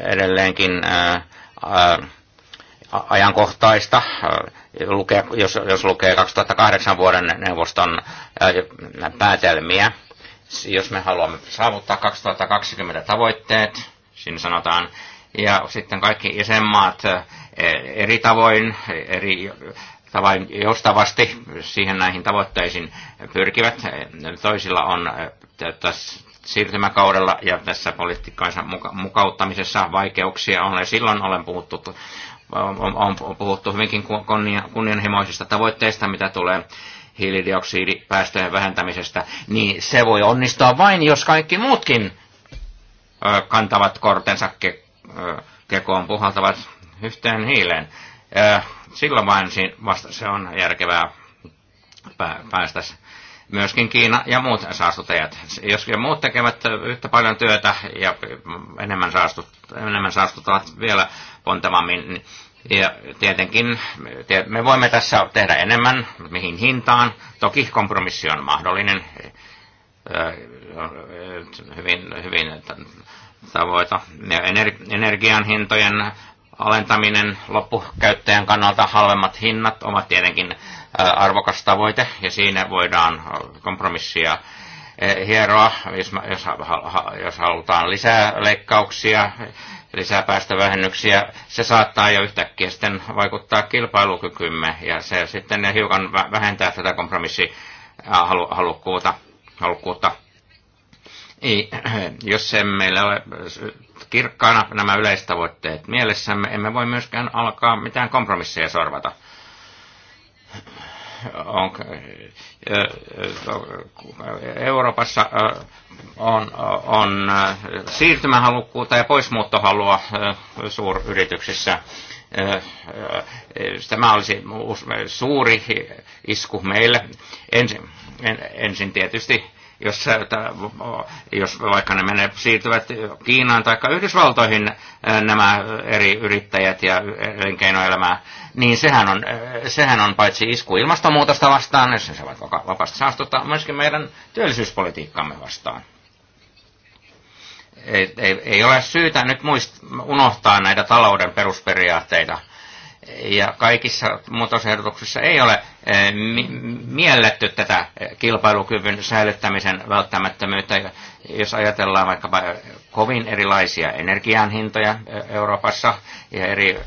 edelleenkin ajankohtaista, jos, jos lukee 2008 vuoden neuvoston päätelmiä, jos me haluamme saavuttaa 2020 tavoitteet, siinä sanotaan, ja sitten kaikki jäsenmaat eh, eri tavoin, eri tavoin joustavasti siihen näihin tavoitteisiin pyrkivät. Toisilla on eh, tässä siirtymäkaudella ja tässä politiikkaansa mukauttamisessa vaikeuksia on, ja silloin olen puhuttu on, on puhuttu hyvinkin kunnianhimoisista tavoitteista, mitä tulee hiilidioksidipäästöjen vähentämisestä, niin se voi onnistua vain, jos kaikki muutkin kantavat kortensa kekoon puhaltavat yhteen hiileen. Silloin vain vasta se on järkevää päästä myöskin Kiina ja muut saastuttajat. Jos ja muut tekevät yhtä paljon työtä ja enemmän, saastut, enemmän saastuttavat vielä pontevammin, niin- ja tietenkin me voimme tässä tehdä enemmän, mihin hintaan. Toki kompromissi on mahdollinen hyvin, hyvin tavoita. Energian hintojen alentaminen loppukäyttäjän kannalta halvemmat hinnat ovat tietenkin arvokas tavoite ja siinä voidaan kompromissia hieroa, jos, halutaan lisää leikkauksia, lisää päästövähennyksiä. Se saattaa jo yhtäkkiä sitten vaikuttaa kilpailukykymme ja se sitten hiukan vähentää tätä kompromissihalukkuutta. Halukkuutta ei, jos meillä ole kirkkaana nämä yleistavoitteet mielessämme, emme voi myöskään alkaa mitään kompromisseja sorvata. On, eh, Euroopassa eh, on, on eh, siirtymähalukkuutta ja poismuuttohalua suuryrityksissä. Tämä olisi suuri isku meille. Ensin, ensin tietysti jos, jos vaikka ne menee, siirtyvät Kiinaan tai Yhdysvaltoihin eh, nämä eri yrittäjät ja elinkeinoelämää, niin sehän on, eh, sehän on paitsi isku ilmastonmuutosta vastaan, jos niin se ovat vapaasti saastuttaa, myöskin meidän työllisyyspolitiikkamme vastaan. Ei, ei, ei ole syytä nyt muist, unohtaa näitä talouden perusperiaatteita – ja kaikissa muutosehdotuksissa ei ole eh, mielletty tätä kilpailukyvyn säilyttämisen välttämättömyyttä. Jos ajatellaan vaikkapa eh, kovin erilaisia energian hintoja eh, Euroopassa ja eri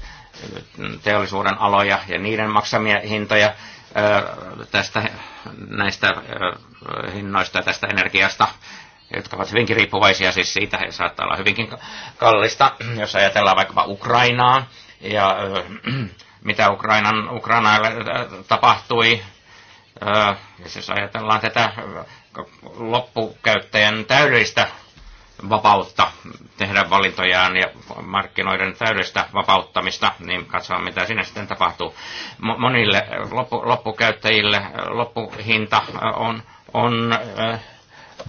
teollisuuden aloja ja niiden maksamia hintoja tästä, näistä hinnoista tästä energiasta, jotka ovat hyvinkin riippuvaisia siis siitä, saattaa olla hyvinkin kallista, jos ajatellaan vaikkapa Ukrainaa, ja mitä Ukrainan, Ukrainalle tapahtui, jos ajatellaan tätä loppukäyttäjän täydellistä vapautta tehdä valintojaan ja markkinoiden täydellistä vapauttamista, niin katsotaan mitä sinne sitten tapahtuu. Monille loppu, loppukäyttäjille loppuhinta on, on,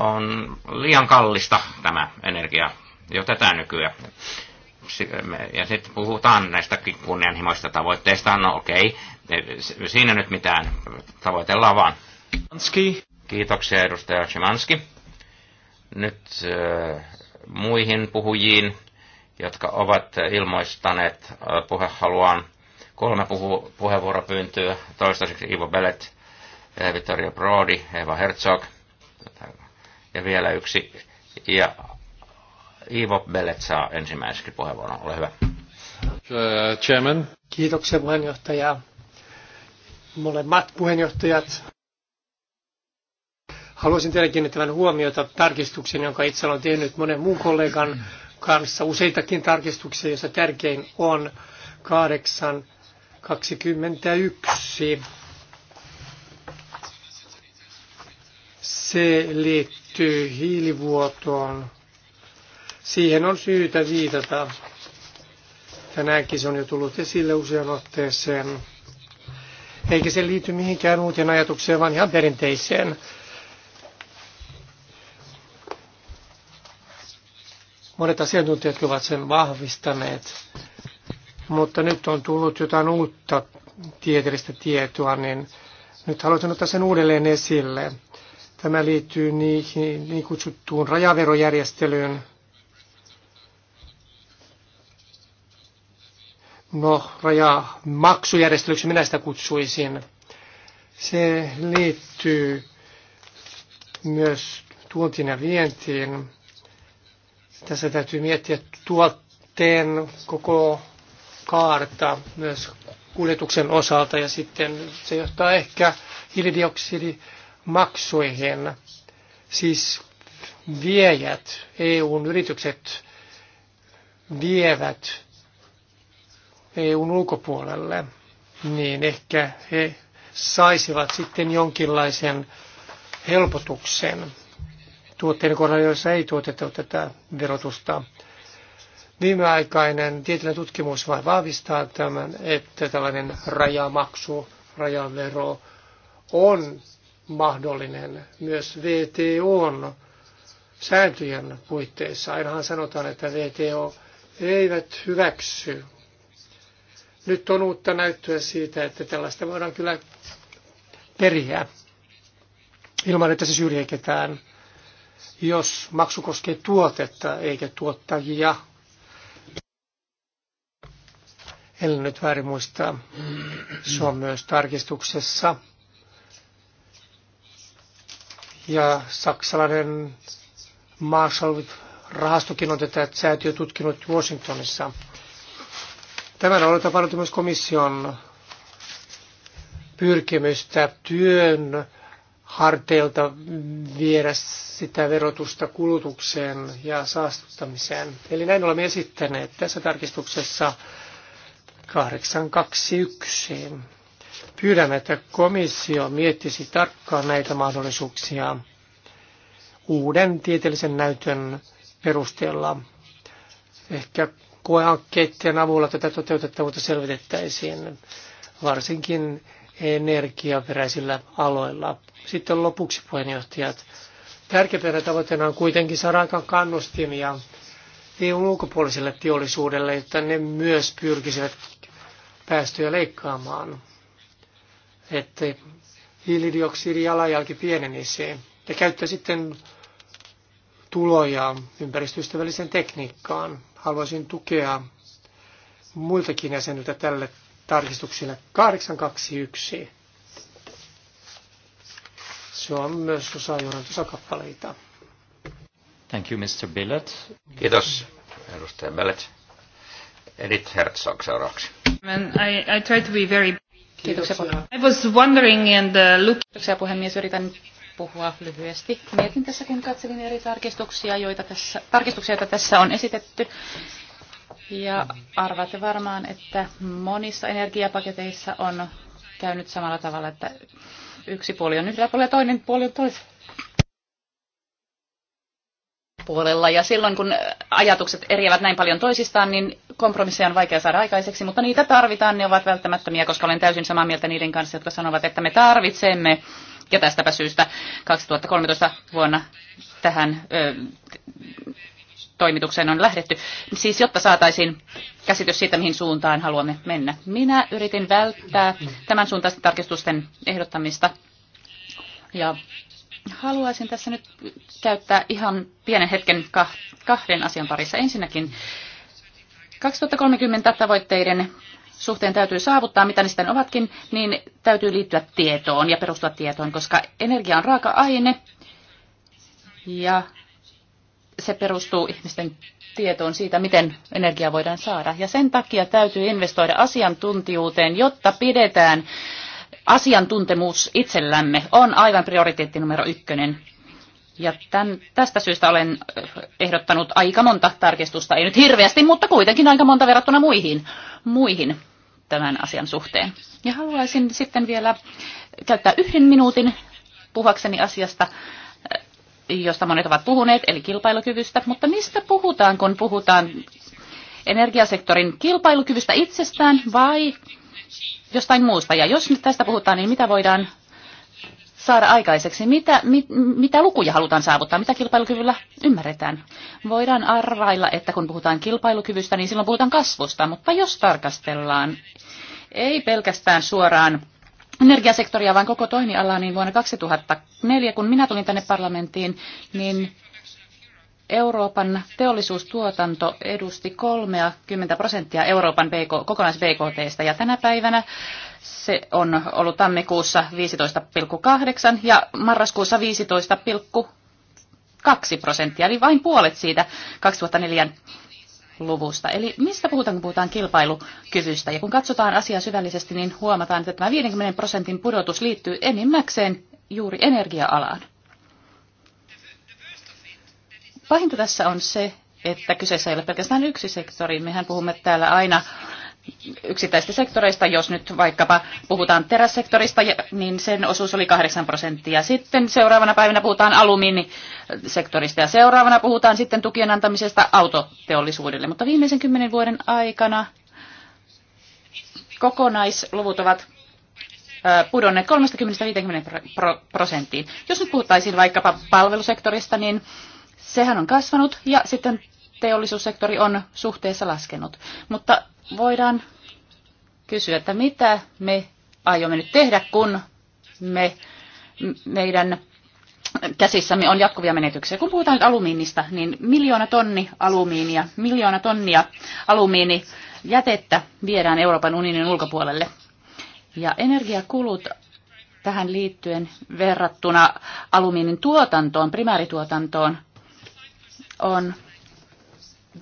on liian kallista tämä energia jo tätä nykyään ja sitten puhutaan näistä kunnianhimoista tavoitteista, no okei, siinä nyt mitään, tavoitellaan vaan. Manski Kiitoksia edustaja Shimanski. Nyt äh, muihin puhujiin, jotka ovat ilmoistaneet äh, puhehaluaan. Kolme puhu, puheenvuoropyyntöä, toistaiseksi Ivo Bellet, äh, Vittorio Brodi, Eva Herzog ja vielä yksi. Ja Ivo Bellet saa ensimmäiseksi puheenvuoron. Ole hyvä. Uh, chairman. Kiitoksia puheenjohtaja. Molemmat puheenjohtajat. Haluaisin teille kiinnittävän huomiota tarkistuksen, jonka itse olen tehnyt monen muun kollegan kanssa. Useitakin tarkistuksia, joissa tärkein on 8.21. Se liittyy hiilivuotoon Siihen on syytä viitata. Tänäänkin se on jo tullut esille usean otteeseen. Eikä se liity mihinkään uuteen ajatukseen, vaan ihan perinteiseen. Monet asiantuntijat ovat sen vahvistaneet, mutta nyt on tullut jotain uutta tieteellistä tietoa, niin nyt haluaisin ottaa sen uudelleen esille. Tämä liittyy niihin niin kutsuttuun rajaverojärjestelyyn, no raja maksujärjestelyksi minä sitä kutsuisin. Se liittyy myös tuontiin ja vientiin. Tässä täytyy miettiä tuotteen koko kaarta myös kuljetuksen osalta ja sitten se johtaa ehkä hiilidioksidimaksuihin. Siis viejät, EUn yritykset vievät EUn ulkopuolelle, niin ehkä he saisivat sitten jonkinlaisen helpotuksen tuotteiden kohdalla, joissa ei tuoteta tätä verotusta. Viimeaikainen tieteellinen tutkimus vain vahvistaa tämän, että tällainen rajamaksu, rajavero on mahdollinen myös VTOn sääntöjen puitteissa. Ainahan sanotaan, että VTO eivät hyväksy nyt on uutta näyttöä siitä, että tällaista voidaan kyllä periä ilman, että se syrjii ketään, jos maksu koskee tuotetta eikä tuottajia. En nyt väärin muistaa. Se on myös tarkistuksessa. Ja saksalainen Marshall-rahastokin on tätä säätiö tutkinut Washingtonissa. Tämän on tapahtunut myös komission pyrkimystä työn harteilta viedä sitä verotusta kulutukseen ja saastuttamiseen. Eli näin olemme esittäneet tässä tarkistuksessa 821. Pyydämme, että komissio miettisi tarkkaan näitä mahdollisuuksia uuden tieteellisen näytön perusteella. Ehkä koehankkeiden avulla tätä toteutettavuutta selvitettäisiin, varsinkin energiaperäisillä aloilla. Sitten lopuksi puheenjohtajat. Tärkeimpänä tavoitteena on kuitenkin saada aika kannustimia EUn ulkopuoliselle teollisuudelle, että ne myös pyrkisivät päästöjä leikkaamaan, että jalanjälki pienenisi ja käyttää sitten tuloja ympäristöystävälliseen tekniikkaan haluaisin tukea muiltakin jäseniltä tälle tarkistuksille 821. Se on myös osa johdantosakappaleita. Thank you, Mr. Billet. Kiitos, edustaja Billet. Edith Herzog seuraavaksi. I, I try to be very... Kiitoksia, Kiitoksia. I was wondering and uh, looking. Kiitoksia puhemies. Yritän puhua lyhyesti. Mietin tässä, kun katselin eri tarkistuksia, joita tässä, tarkistuksia, joita tässä on esitetty. Ja arvaatte varmaan, että monissa energiapaketeissa on käynyt samalla tavalla, että yksi puoli on yhdellä puolella ja toinen puoli on toisella puolella. Ja silloin kun ajatukset eriävät näin paljon toisistaan, niin kompromisseja on vaikea saada aikaiseksi, mutta niitä tarvitaan, ne ovat välttämättömiä, koska olen täysin samaa mieltä niiden kanssa, jotka sanovat, että me tarvitsemme ja tästäpä syystä 2013 vuonna tähän ö, toimitukseen on lähdetty, siis jotta saataisiin käsitys siitä, mihin suuntaan haluamme mennä. Minä yritin välttää tämän suuntaisten tarkistusten ehdottamista ja haluaisin tässä nyt käyttää ihan pienen hetken kahden asian parissa. Ensinnäkin 2030 tavoitteiden suhteen täytyy saavuttaa, mitä ne sitten ovatkin, niin täytyy liittyä tietoon ja perustua tietoon, koska energia on raaka-aine ja se perustuu ihmisten tietoon siitä, miten energiaa voidaan saada. Ja sen takia täytyy investoida asiantuntijuuteen, jotta pidetään asiantuntemus itsellämme on aivan prioriteetti numero ykkönen. Ja tämän, tästä syystä olen eh, ehdottanut aika monta tarkistusta, ei nyt hirveästi, mutta kuitenkin aika monta verrattuna muihin. muihin tämän asian suhteen. Ja haluaisin sitten vielä käyttää yhden minuutin puhakseni asiasta, eh, josta monet ovat puhuneet, eli kilpailukyvystä. Mutta mistä puhutaan, kun puhutaan energiasektorin kilpailukyvystä itsestään vai jostain muusta? Ja jos nyt tästä puhutaan, niin mitä voidaan saada aikaiseksi? Mitä, mit, mitä lukuja halutaan saavuttaa? Mitä kilpailukyvyllä ymmärretään? Voidaan arvailla, että kun puhutaan kilpailukyvystä, niin silloin puhutaan kasvusta, mutta jos tarkastellaan ei pelkästään suoraan energiasektoria, vaan koko toimialaa, niin vuonna 2004, kun minä tulin tänne parlamenttiin, niin Euroopan teollisuustuotanto edusti 30 prosenttia Euroopan BK, kokonais BKTstä ja tänä päivänä se on ollut tammikuussa 15,8 ja marraskuussa 15,2 prosenttia, eli vain puolet siitä 2004 luvusta. Eli mistä puhutaan, kun puhutaan kilpailukyvystä? Ja kun katsotaan asiaa syvällisesti, niin huomataan, että tämä 50 prosentin pudotus liittyy enimmäkseen juuri energia-alaan. Pahinta tässä on se, että kyseessä ei ole pelkästään yksi sektori. Mehän puhumme täällä aina yksittäisistä sektoreista, jos nyt vaikkapa puhutaan terässektorista, niin sen osuus oli 8 prosenttia. Sitten seuraavana päivänä puhutaan alumiinisektorista ja seuraavana puhutaan sitten tukien antamisesta autoteollisuudelle. Mutta viimeisen kymmenen vuoden aikana kokonaisluvut ovat pudonneet 30-50 prosenttiin. Jos nyt puhuttaisiin vaikkapa palvelusektorista, niin sehän on kasvanut ja sitten teollisuussektori on suhteessa laskenut. Mutta voidaan kysyä, että mitä me aiomme nyt tehdä, kun me, meidän käsissämme on jatkuvia menetyksiä. Kun puhutaan nyt alumiinista, niin miljoona tonni alumiinia, miljoona tonnia alumiinijätettä viedään Euroopan unionin ulkopuolelle. Ja energiakulut tähän liittyen verrattuna alumiinin tuotantoon, primäärituotantoon, on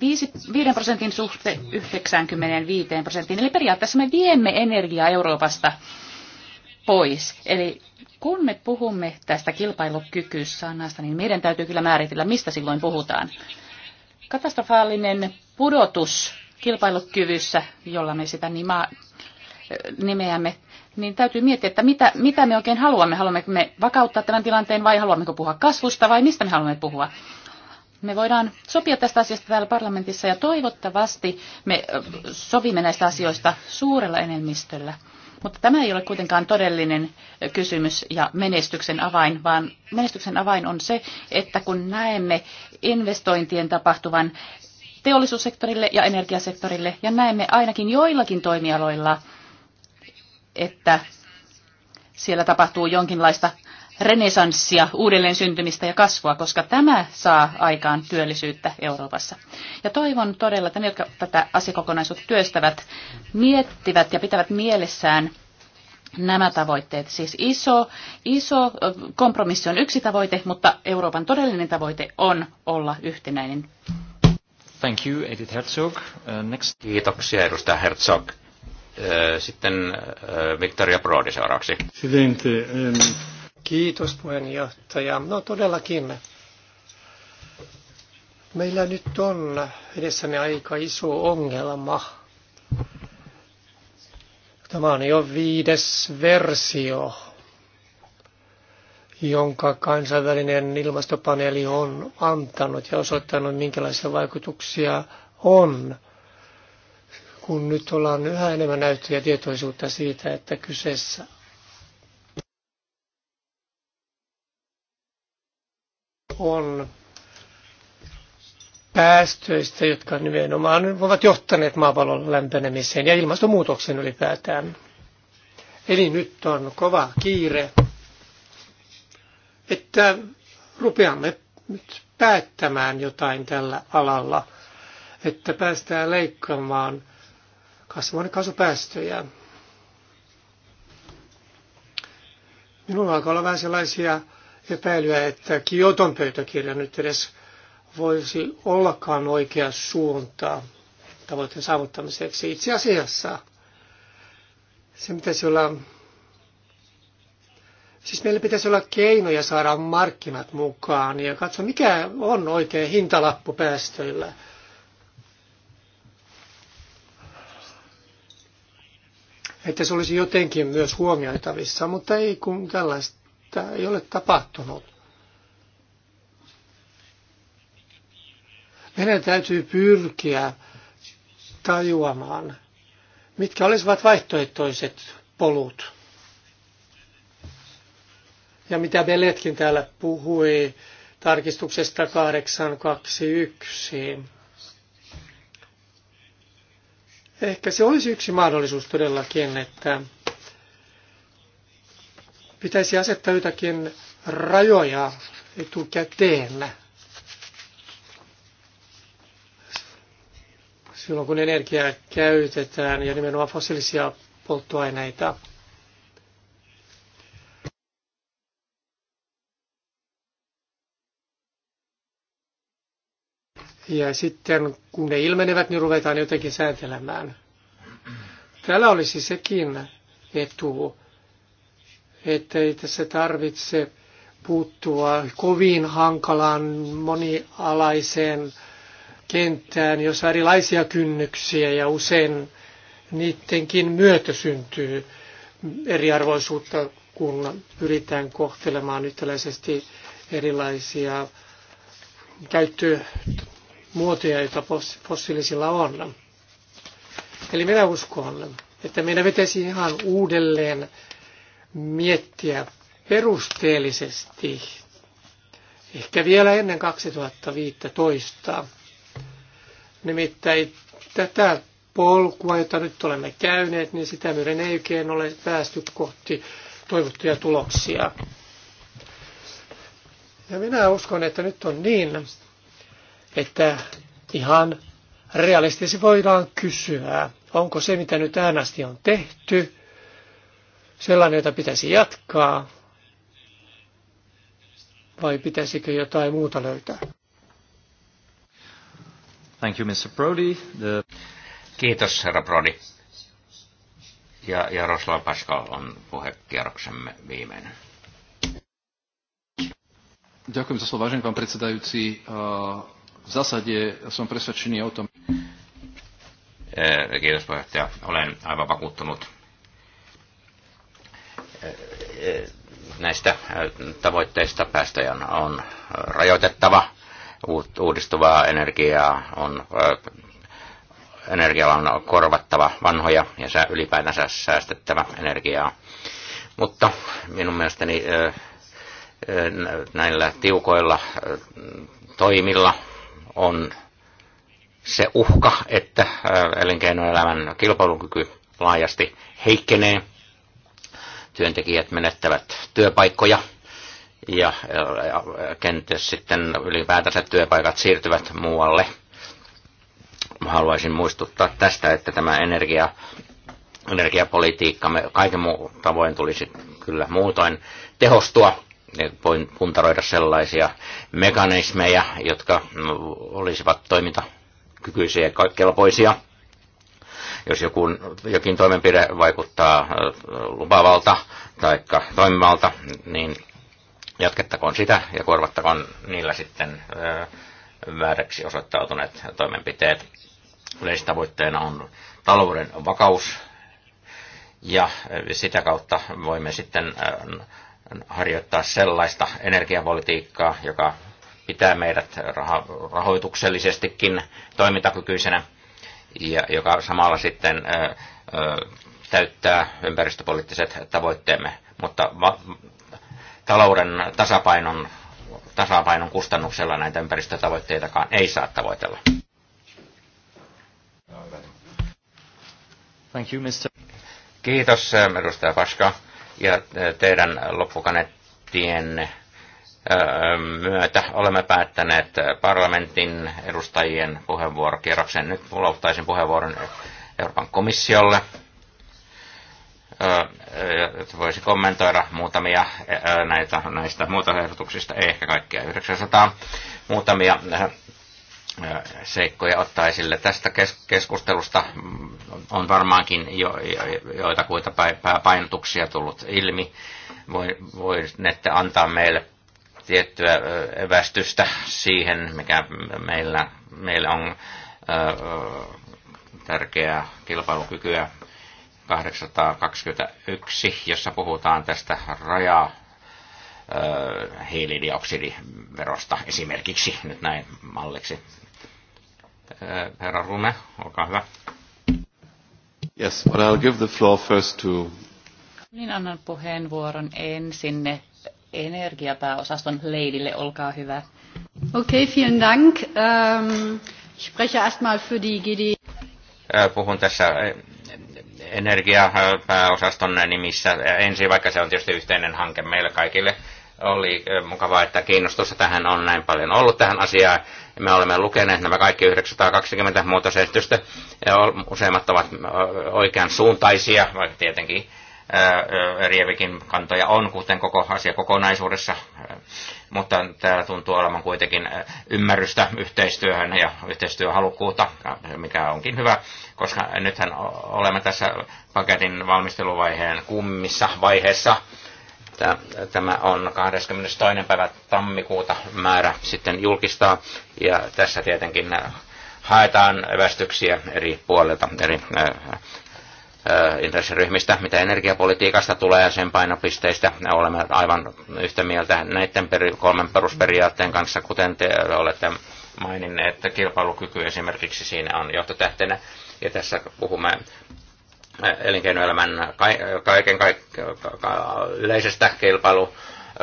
5, prosentin suhte 95 prosenttiin. Eli periaatteessa me viemme energiaa Euroopasta pois. Eli kun me puhumme tästä kilpailukyky-sanasta, niin meidän täytyy kyllä määritellä, mistä silloin puhutaan. Katastrofaalinen pudotus kilpailukyvyssä, jolla me sitä nima, nimeämme, niin täytyy miettiä, että mitä, mitä me oikein haluamme. Haluammeko me vakauttaa tämän tilanteen vai haluammeko puhua kasvusta vai mistä me haluamme puhua? me voidaan sopia tästä asiasta täällä parlamentissa ja toivottavasti me sovimme näistä asioista suurella enemmistöllä. Mutta tämä ei ole kuitenkaan todellinen kysymys ja menestyksen avain, vaan menestyksen avain on se, että kun näemme investointien tapahtuvan teollisuussektorille ja energiasektorille ja näemme ainakin joillakin toimialoilla, että siellä tapahtuu jonkinlaista renesanssia, uudelleen syntymistä ja kasvua, koska tämä saa aikaan työllisyyttä Euroopassa. Ja toivon todella, että ne, jotka tätä asiakokonaisuutta työstävät, miettivät ja pitävät mielessään nämä tavoitteet. Siis iso, iso kompromissi on yksi tavoite, mutta Euroopan todellinen tavoite on olla yhtenäinen. Thank you, Edith Herzog. Uh, next. Kiitoksia, edustaja Herzog. Uh, sitten uh, Victoria Brody seuraavaksi. Presidente, um... Kiitos puheenjohtaja. No todellakin. Meillä nyt on edessämme aika iso ongelma. Tämä on jo viides versio, jonka kansainvälinen ilmastopaneeli on antanut ja osoittanut, minkälaisia vaikutuksia on, kun nyt ollaan yhä enemmän näyttöjä tietoisuutta siitä, että kyseessä on päästöistä, jotka nimenomaan ovat johtaneet maapallon lämpenemiseen ja ilmastonmuutoksen ylipäätään. Eli nyt on kova kiire, että rupeamme nyt päättämään jotain tällä alalla, että päästään leikkaamaan kasvihuonekaasupäästöjä. Minulla alkaa olla vähän sellaisia epäilyä, että Kioton pöytäkirja nyt edes voisi ollakaan oikea suunta tavoitteen saavuttamiseksi. Itse asiassa se pitäisi olla, siis meillä pitäisi olla keinoja saada markkinat mukaan ja katsoa, mikä on oikea hintalappu päästöillä. Että se olisi jotenkin myös huomioitavissa, mutta ei kun tällaista Tätä ei ole tapahtunut. Meidän täytyy pyrkiä tajuamaan, mitkä olisivat vaihtoehtoiset polut. Ja mitä Beletkin täällä puhui tarkistuksesta 821. Ehkä se olisi yksi mahdollisuus todellakin, että pitäisi asettaa jotakin rajoja etukäteen. Silloin kun energiaa käytetään ja nimenomaan fossiilisia polttoaineita. Ja sitten kun ne ilmenevät, niin ruvetaan jotenkin sääntelemään. Täällä olisi sekin etu, ettei tässä tarvitse puuttua kovin hankalaan monialaiseen kenttään, jossa erilaisia kynnyksiä ja usein niidenkin myötä syntyy eriarvoisuutta, kun pyritään kohtelemaan yhtäläisesti erilaisia käyttömuotoja, joita fossiilisilla on. Eli minä uskon, että meidän pitäisi ihan uudelleen miettiä perusteellisesti, ehkä vielä ennen 2015. Nimittäin tätä polkua, jota nyt olemme käyneet, niin sitä myöden ei oikein ole päästy kohti toivottuja tuloksia. Ja minä uskon, että nyt on niin, että ihan realistisesti voidaan kysyä, onko se, mitä nyt äänästi on tehty, sellainen, jota pitäisi jatkaa, vai pitäisikö jotain muuta löytää? Thank you, Mr. Brody. The... Kiitos, herra Brody. Ja Jaroslav Pascal on puhekierroksemme viimeinen. Ďakujem za slovo, vážený pán predsedajúci. V zásade som presvedčený o tom... E, kiitos, puheenjohtaja. Olen aivan vakuuttunut näistä tavoitteista päästöjä on, on rajoitettava, uudistuvaa energiaa on energialla on korvattava vanhoja ja ylipäätänsä säästettävä energiaa. Mutta minun mielestäni näillä tiukoilla toimilla on se uhka, että elinkeinoelämän kilpailukyky laajasti heikkenee – työntekijät menettävät työpaikkoja ja kenties sitten ylipäätänsä työpaikat siirtyvät muualle. Haluaisin muistuttaa tästä, että tämä energia, energiapolitiikka me kaiken muun tavoin tulisi kyllä muutoin tehostua. Voin puntaroida sellaisia mekanismeja, jotka olisivat toimintakykyisiä ja kelpoisia – jos joku, jokin toimenpide vaikuttaa äh, lupavalta tai toimivalta, niin jatkettakoon sitä ja korvattakoon niillä sitten äh, vääräksi osoittautuneet toimenpiteet. Yleistavoitteena on talouden vakaus ja äh, sitä kautta voimme sitten harjoittaa sellaista energiapolitiikkaa, joka pitää meidät rahoituksellisestikin toimintakykyisenä – ja joka samalla sitten täyttää ympäristöpoliittiset tavoitteemme, mutta talouden tasapainon, tasapainon kustannuksella näitä ympäristötavoitteitakaan ei saa tavoitella. Thank you, Mr. Kiitos, edustaja Paska. Ja teidän loppukanettienne myötä olemme päättäneet parlamentin edustajien puheenvuorokierroksen. Nyt luovuttaisin puheenvuoron Euroopan komissiolle, voisi kommentoida muutamia näitä, näistä muutosehdotuksista, ei ehkä kaikkia 900, muutamia seikkoja ottaa esille. Tästä keskustelusta on varmaankin jo, jo, joitakuita pääpainotuksia tullut ilmi. Voi, voi antaa meille tiettyä evästystä siihen, mikä meillä, meillä on tärkeää kilpailukykyä 821, jossa puhutaan tästä rajaa hiilidioksidiverosta esimerkiksi, nyt näin malliksi. Herra Rume, olkaa hyvä. Yes, but I'll give the floor first to... Minä annan puheenvuoron ensin energiapääosaston leidille. Olkaa hyvä. Okei, okay, vielen dank. Ähm, spreche erstmal für die GD. Äh, puhun tässä äh, energiapääosaston nimissä äh, ensin, vaikka se on tietysti yhteinen hanke meille kaikille. Oli mukavaa, että kiinnostusta tähän on näin paljon ollut tähän asiaan. Me olemme lukeneet nämä kaikki 920 muutosehtystä. Useimmat ovat oikean suuntaisia, vaikka tietenkin Rievikin kantoja on, kuten koko asia kokonaisuudessa, mutta täällä tuntuu olevan kuitenkin ymmärrystä yhteistyöhön ja yhteistyöhalukkuutta, mikä onkin hyvä, koska nythän olemme tässä paketin valmisteluvaiheen kummissa vaiheessa. Tämä on 22. päivä tammikuuta määrä sitten julkistaa, ja tässä tietenkin haetaan evästyksiä eri puolilta, eri intressiryhmistä, mitä energiapolitiikasta tulee ja sen painopisteistä. Olemme aivan yhtä mieltä näiden kolmen perusperiaatteen kanssa, kuten te olette maininneet, että kilpailukyky esimerkiksi siinä on johtotähtenä. Ja tässä puhumme elinkeinoelämän kaiken, kaiken yleisestä kilpailu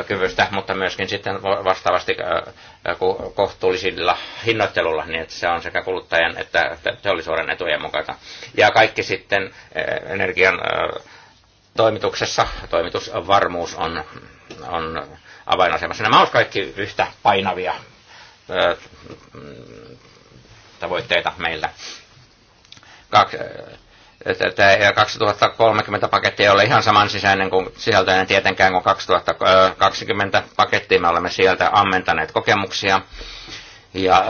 kyvystä, mutta myöskin sitten vastaavasti äh, äh, kohtuullisilla hinnoittelulla, niin että se on sekä kuluttajan että teollisuuden etujen mukaista. Ja kaikki sitten äh, energian toimituksessa, toimitusvarmuus on, on avainasemassa. Nämä ovat kaikki yhtä painavia tavoitteita meillä. Kaksi, tämä 2030 paketti ei ole ihan saman sisäinen kuin sisältöinen tietenkään kuin 2020 paketti. Me olemme sieltä ammentaneet kokemuksia ja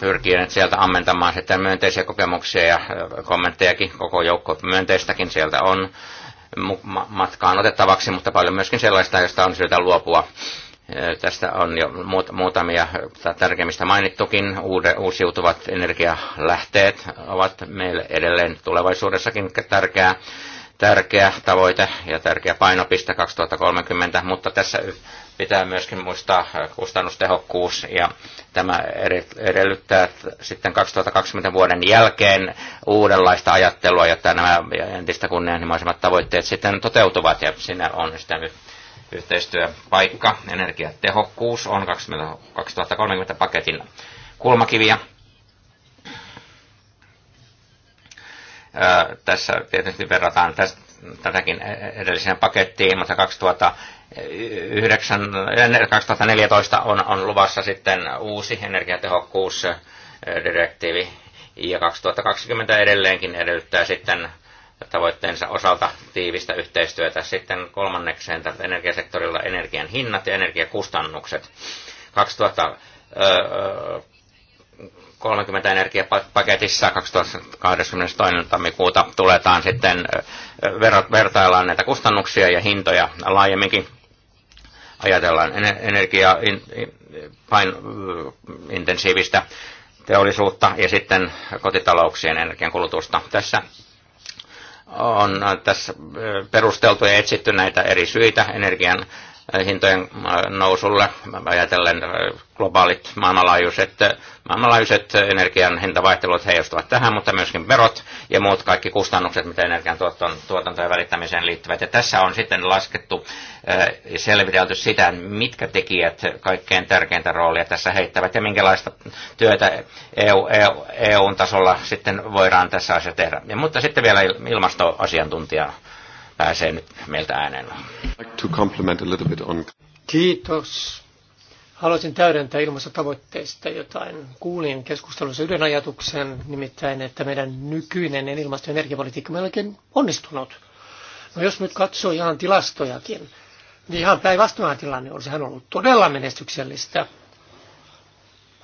pyrkineet sieltä ammentamaan sitten myönteisiä kokemuksia ja kommenttejakin, koko joukko myönteistäkin sieltä on matkaan otettavaksi, mutta paljon myöskin sellaista, josta on syytä luopua Tästä on jo muutamia tärkeimmistä mainittukin. Uusiutuvat energialähteet ovat meille edelleen tulevaisuudessakin tärkeä, tärkeä tavoite ja tärkeä painopiste 2030, mutta tässä pitää myöskin muistaa kustannustehokkuus ja tämä edellyttää sitten 2020 vuoden jälkeen uudenlaista ajattelua, jotta nämä entistä kunnianhimoisemmat tavoitteet sitten toteutuvat ja sinne onnistumme yhteistyöpaikka. Energiatehokkuus on 2030 paketin kulmakiviä. Tässä tietysti verrataan tästä, tätäkin edelliseen pakettiin, mutta 2009, 2014 on, on luvassa sitten uusi energiatehokkuusdirektiivi ja 2020 edelleenkin edellyttää sitten tavoitteensa osalta tiivistä yhteistyötä. Sitten kolmannekseen tältä energiasektorilla energian hinnat ja energiakustannukset. 2030 energiapaketissa 2022. tammikuuta tuletaan sitten vertaillaan näitä kustannuksia ja hintoja laajemminkin. Ajatellaan energiaintensiivistä teollisuutta ja sitten kotitalouksien energiankulutusta. Tässä on tässä perusteltu ja etsitty näitä eri syitä energian Äh, hintojen äh, nousulle, äh, ajatellen globaalit maailmanlaajuiset, maailmanlaajuiset energian hintavaihtelut heijastuvat tähän, mutta myöskin verot ja muut kaikki kustannukset, mitä energian tuotantoon ja välittämiseen liittyvät. Ja tässä on sitten laskettu ja selvitelty sitä, mitkä tekijät kaikkein tärkeintä roolia tässä heittävät ja minkälaista työtä EU, EU, EUn tasolla sitten voidaan tässä asiassa tehdä. Ja, mutta sitten vielä ilmastoasiantuntija pääsee nyt meiltä ääneen. Kiitos. Haluaisin täydentää ilmastotavoitteista jotain. Kuulin keskustelussa yhden ajatuksen, nimittäin, että meidän nykyinen ilmasto- ja energiapolitiikka on melkein onnistunut. No jos nyt katsoo ihan tilastojakin, niin ihan päinvastoin tilanne on. Sehän on ollut todella menestyksellistä.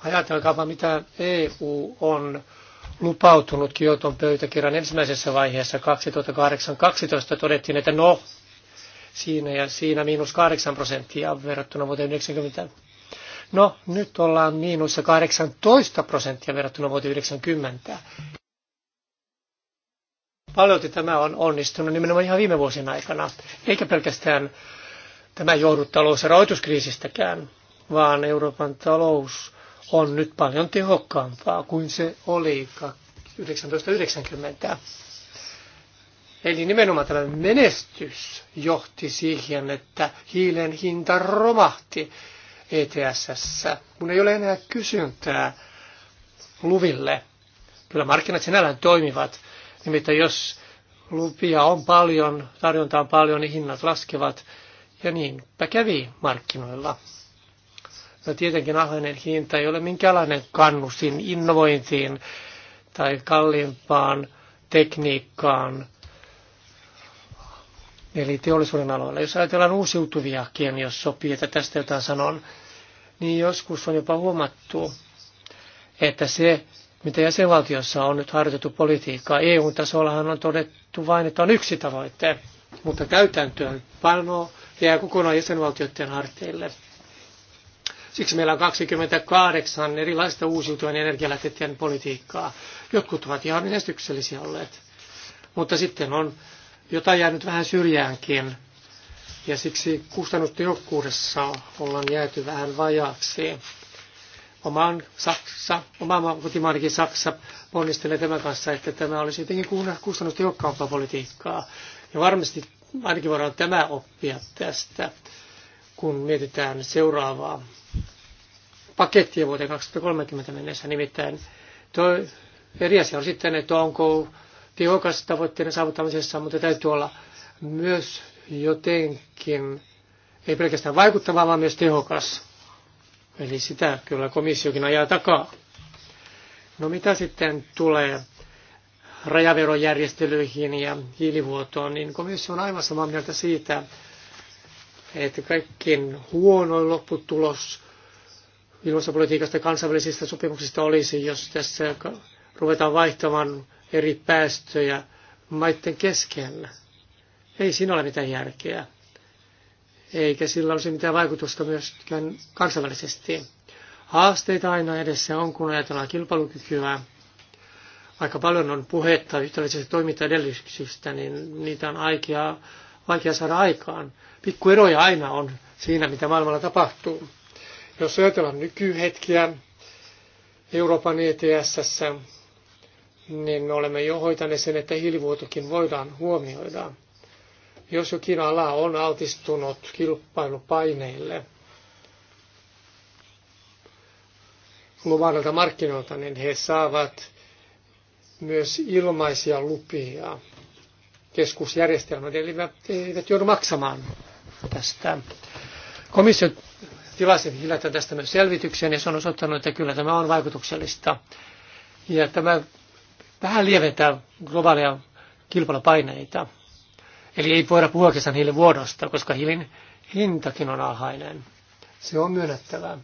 Ajatelkaapa, mitä EU on lupautunut Kioton pöytäkirjan ensimmäisessä vaiheessa 2008-2012 todettiin, että no, siinä ja siinä miinus 8 prosenttia verrattuna vuoteen 90. No, nyt ollaan miinussa 18 prosenttia verrattuna vuoteen 90. Paljolti tämä on onnistunut nimenomaan ihan viime vuosien aikana, eikä pelkästään tämä johdu talous- ja rahoituskriisistäkään, vaan Euroopan talous on nyt paljon tehokkaampaa kuin se oli 1990. Eli nimenomaan tämä menestys johti siihen, että hiilen hinta romahti ETSS, kun ei ole enää kysyntää luville. Kyllä markkinat sinällään toimivat, nimittäin jos lupia on paljon, tarjontaa on paljon, niin hinnat laskevat, ja niinpä kävi markkinoilla. No tietenkin alhainen hinta ei ole minkäänlainen kannustin innovointiin tai kalliimpaan tekniikkaan, eli teollisuuden aloilla. Jos ajatellaan uusiutuviakin, jos sopii, että tästä jotain sanon, niin joskus on jopa huomattu, että se, mitä jäsenvaltiossa on nyt harjoitettu politiikkaa, EU-tasollahan on todettu vain, että on yksi tavoite, mutta täytäntöön pano jää kokonaan jäsenvaltioiden harteille. Siksi meillä on 28 erilaista uusiutuvan energialähteiden politiikkaa. Jotkut ovat ihan menestyksellisiä olleet. Mutta sitten on jotain jäänyt vähän syrjäänkin. Ja siksi kustannustehokkuudessa ollaan jääty vähän vajaaksi. Oman Saksa, oma kotimaanikin Saksa ponnistelee tämän kanssa, että tämä olisi jotenkin kustannustehokkaampaa politiikkaa. Ja varmasti ainakin voidaan tämä oppia tästä, kun mietitään seuraavaa pakettia vuoteen 2030 mennessä. Nimittäin tuo eri asia on sitten, että onko tehokas tavoitteiden saavuttamisessa, mutta täytyy olla myös jotenkin, ei pelkästään vaikuttava, vaan myös tehokas. Eli sitä kyllä komissiokin ajaa takaa. No mitä sitten tulee rajaverojärjestelyihin ja hiilivuotoon, niin komissio on aivan samaa mieltä siitä, että kaikkein huonoin lopputulos ilmastopolitiikasta kansainvälisistä sopimuksista olisi, jos tässä ruvetaan vaihtamaan eri päästöjä maiden keskellä. Ei siinä ole mitään järkeä, eikä sillä olisi mitään vaikutusta myöskään kansainvälisesti. Haasteita aina edessä on, kun ajatellaan kilpailukykyä. Aika paljon on puhetta yhtäläisistä toimintaedellisyyksistä, niin niitä on aikea, vaikea saada aikaan. Pikkueroja aina on siinä, mitä maailmalla tapahtuu. Jos ajatellaan nykyhetkiä Euroopan ETS, niin me olemme jo hoitaneet sen, että hiilivuotokin voidaan huomioida. Jos jokin ala on altistunut kilpailupaineille globaalilta markkinoilta, niin he saavat myös ilmaisia lupia keskusjärjestelmät, eli eivät joudu maksamaan tästä. Komissio tilasin hiljattain tästä myös selvityksen ja se on osoittanut, että kyllä tämä on vaikutuksellista. Ja tämä vähän lieventää globaaleja kilpailupaineita. Eli ei voida puhua kesän hiilivuodosta, koska hiilin hintakin on alhainen. Se on myönnettävää.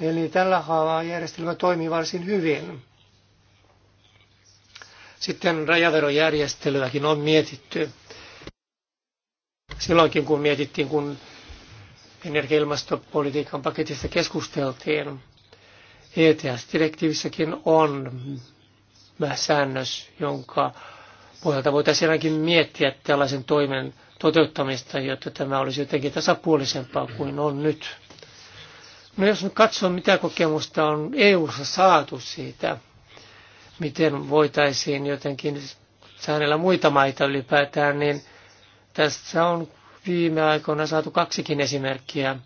Eli tällä haavaa järjestelmä toimii varsin hyvin. Sitten rajaverojärjestelyäkin on mietitty. Silloinkin kun mietittiin, kun energia- ja ilmastopolitiikan paketista keskusteltiin, ETS-direktiivissäkin on säännös, jonka pohjalta voitaisiin ainakin miettiä tällaisen toimen toteuttamista, jotta tämä olisi jotenkin tasapuolisempaa kuin on nyt. No jos nyt katsoo, mitä kokemusta on EU-ssa saatu siitä, miten voitaisiin jotenkin säännellä muita maita ylipäätään, niin tässä on viime aikoina saatu kaksikin esimerkkiä.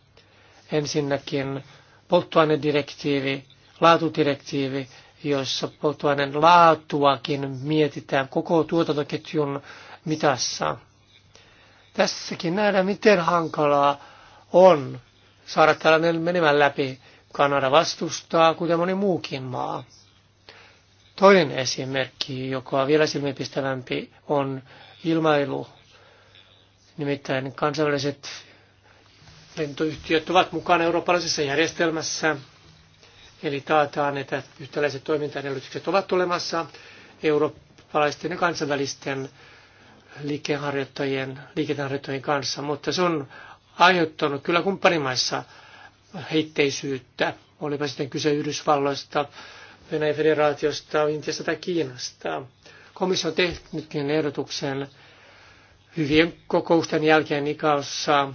Ensinnäkin polttoainedirektiivi, laatudirektiivi, joissa polttoaineen laatuakin mietitään koko tuotantoketjun mitassa. Tässäkin nähdään, miten hankalaa on saada tällainen menemään läpi. Kanada vastustaa, kuten moni muukin maa. Toinen esimerkki, joka on vielä silmiinpistävämpi, on ilmailu Nimittäin kansainväliset lentoyhtiöt ovat mukana eurooppalaisessa järjestelmässä, eli taataan, että yhtäläiset toimintaedellytykset ovat olemassa eurooppalaisten ja kansainvälisten liikkeenharjoittajien, liikeharjoittajien kanssa, mutta se on aiheuttanut kyllä kumppanimaissa heitteisyyttä, olipa sitten kyse Yhdysvalloista, Venäjän federaatiosta, Intiasta tai Kiinasta. Komissio on tehnytkin ehdotuksen hyvien kokousten jälkeen Ikalssa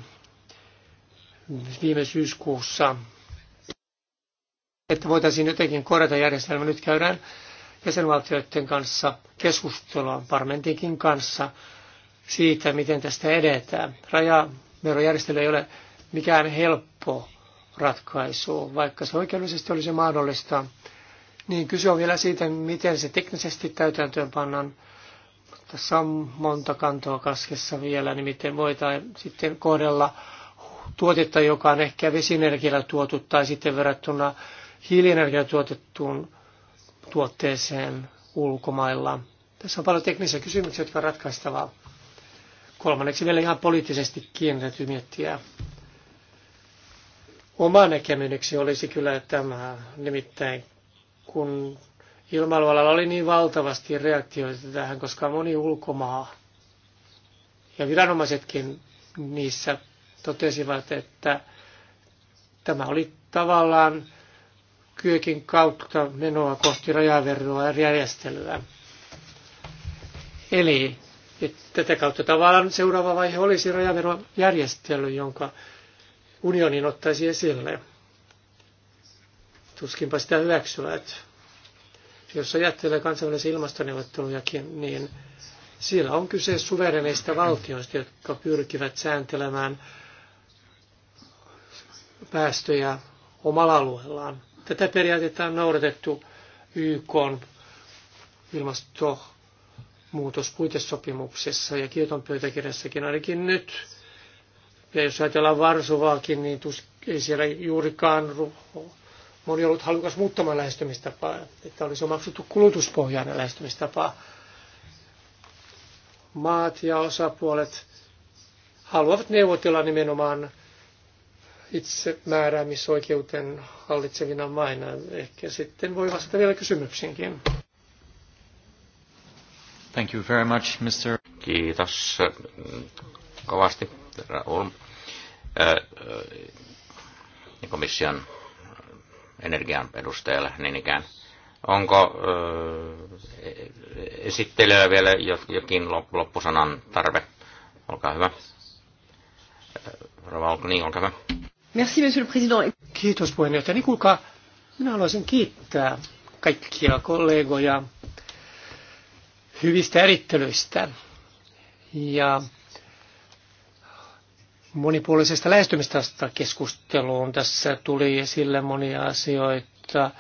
viime syyskuussa, että voitaisiin jotenkin korjata järjestelmä. Nyt käydään jäsenvaltioiden kanssa keskustelua parlamentinkin kanssa siitä, miten tästä edetään. Rajaverojärjestely ei ole mikään helppo ratkaisu, vaikka se oikeudellisesti olisi mahdollista. Niin kyse on vielä siitä, miten se teknisesti täytäntöön pannaan tässä on monta kantoa kaskessa vielä, niin miten voitaisiin sitten kohdella tuotetta, joka on ehkä vesienergialla tuotu tai sitten verrattuna hiilienergialla tuotettuun tuotteeseen ulkomailla. Tässä on paljon teknisiä kysymyksiä, jotka on ratkaistavaa. Kolmanneksi vielä ihan poliittisesti kiinnitetty miettiä. Oma näkemykseni olisi kyllä tämä, nimittäin kun ilmailualalla oli niin valtavasti reaktioita tähän, koska moni ulkomaa ja viranomaisetkin niissä totesivat, että tämä oli tavallaan kyökin kautta menoa kohti rajaverroa ja järjestelyä. Eli tätä kautta tavallaan seuraava vaihe olisi rajaverojärjestely, jonka unionin ottaisi esille. Tuskinpa sitä hyväksyvät. Jos ajattelee kansainvälisiä ilmastoneuvottelujakin, niin siellä on kyse suvereneista valtioista, jotka pyrkivät sääntelemään päästöjä omalla alueellaan. Tätä periaatetta on noudatettu YK ilmastonmuutospuitesopimuksessa ja Kioton pöytäkirjassakin ainakin nyt. Ja jos ajatellaan Varsovaakin, niin tus, ei siellä juurikaan moni on ollut halukas muuttamaan lähestymistapaa, että olisi omaksuttu kulutuspohjainen lähestymistapa. Maat ja osapuolet haluavat neuvotella nimenomaan itsemääräämisoikeuden hallitsevina maina. Ehkä sitten voi vastata vielä kysymyksiinkin. Thank you very much, Mr. Kiitos mm, kovasti, Raul. Komission energian perusteella niin ikään. Onko äh, esittelyä vielä jokin loppusanan tarve? Olkaa hyvä. Rova olko niin, olkaa hyvä. Merci, monsieur le président. Kiitos puheenjohtaja. Niin kuulkaa, minä haluaisin kiittää kaikkia kollegoja hyvistä erittelyistä. Ja monipuolisesta lähestymistasta keskusteluun. Tässä tuli esille monia asioita,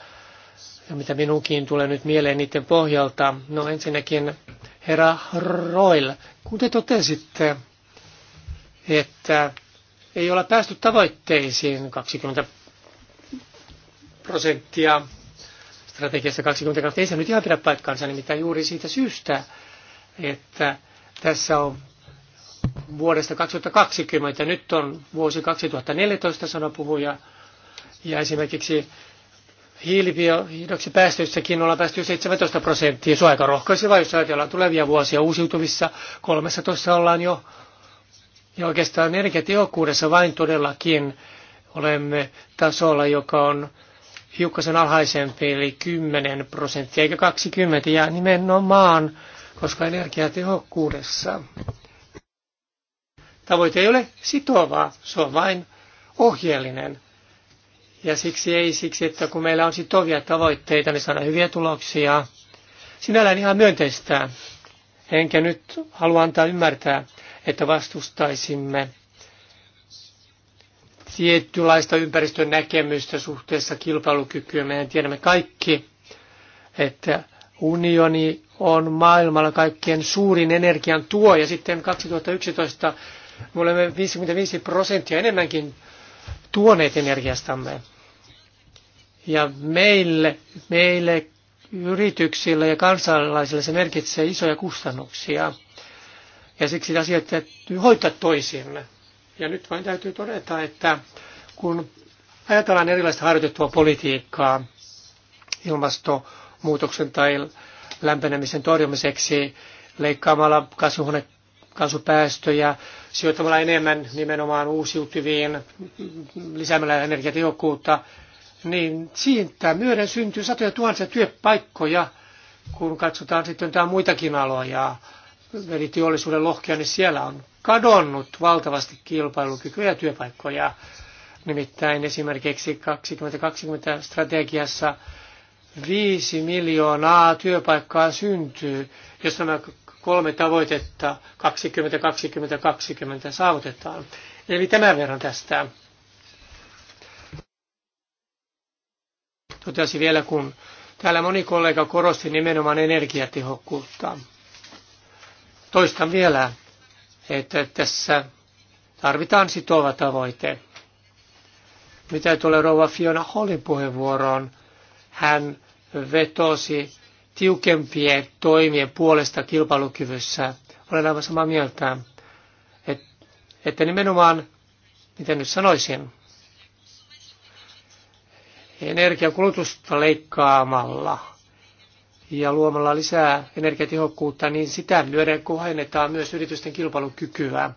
ja mitä minunkin tulee nyt mieleen niiden pohjalta. No ensinnäkin herra Roil, kun te totesitte, että ei olla päästy tavoitteisiin 20 prosenttia strategiassa 22. Ei se nyt ihan pidä paikkaansa, nimittäin juuri siitä syystä, että tässä on vuodesta 2020. Nyt on vuosi 2014, sanoi puhuja. Ja esimerkiksi päästöissäkin ollaan päästy 17 prosenttia. Se on aika rohkaiseva, jos ajatellaan tulevia vuosia uusiutuvissa. 13 ollaan jo. Ja oikeastaan energiatehokkuudessa vain todellakin olemme tasolla, joka on hiukkasen alhaisempi, eli 10 prosenttia eikä 20, ja nimenomaan, koska energiatehokkuudessa Tavoite ei ole sitovaa, se on vain ohjeellinen. Ja siksi ei siksi, että kun meillä on sitovia tavoitteita, niin saadaan hyviä tuloksia. Sinällään ihan myönteistä. Enkä nyt halua antaa ymmärtää, että vastustaisimme tiettylaista ympäristön näkemystä suhteessa kilpailukykyyn. Meidän tiedämme kaikki, että unioni on maailmalla kaikkien suurin energian tuo ja sitten 2011 me olemme 55 prosenttia enemmänkin tuoneet energiastamme. Ja meille, meille yrityksille ja kansalaisille se merkitsee isoja kustannuksia. Ja siksi asiat täytyy hoitaa toisiimme. Ja nyt vain täytyy todeta, että kun ajatellaan erilaista harjoitettua politiikkaa ilmastonmuutoksen tai lämpenemisen torjumiseksi leikkaamalla kasvuhuone kasvupäästöjä sijoittamalla enemmän nimenomaan uusiutuviin, lisäämällä energiatehokkuutta, niin siitä myöden syntyy satoja tuhansia työpaikkoja, kun katsotaan sitten tämä muitakin aloja, eli teollisuuden lohkia, niin siellä on kadonnut valtavasti kilpailukykyä ja työpaikkoja. Nimittäin esimerkiksi 2020 strategiassa 5 miljoonaa työpaikkaa syntyy, jos nämä kolme tavoitetta 2020-2020 saavutetaan. Eli tämän verran tästä. Totesi vielä, kun täällä moni kollega korosti nimenomaan energiatehokkuutta. Toistan vielä, että tässä tarvitaan sitova tavoite. Mitä tulee rouva Fiona Hollin puheenvuoroon, hän vetosi tiukempien toimien puolesta kilpailukyvyssä. Olen aivan samaa mieltä, että nimenomaan, miten nyt sanoisin, energiakulutusta leikkaamalla ja luomalla lisää energiatehokkuutta, niin sitä myöden kohennetaan myös yritysten kilpailukykyä.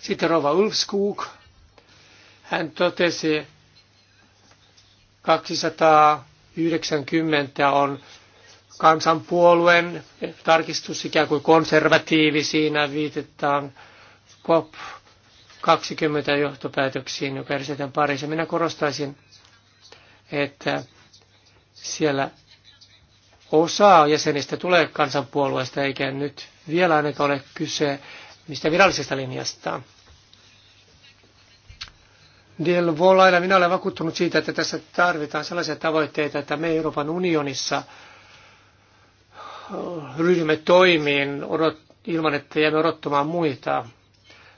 Sitten Rova Ulfskuk, hän totesi, 290 on kansanpuolueen tarkistus ikään kuin konservatiivi siinä viitetaan COP 20 johtopäätöksiin, joka järjestetään Pariisissa. Minä korostaisin, että siellä osa jäsenistä tulee kansanpuolueesta, eikä nyt vielä ainakaan ole kyse mistä virallisesta linjasta. Del Volailla minä olen vakuuttunut siitä, että tässä tarvitaan sellaisia tavoitteita, että me Euroopan unionissa – ryhmä toimiin odot, ilman, että jäämme odottamaan muita.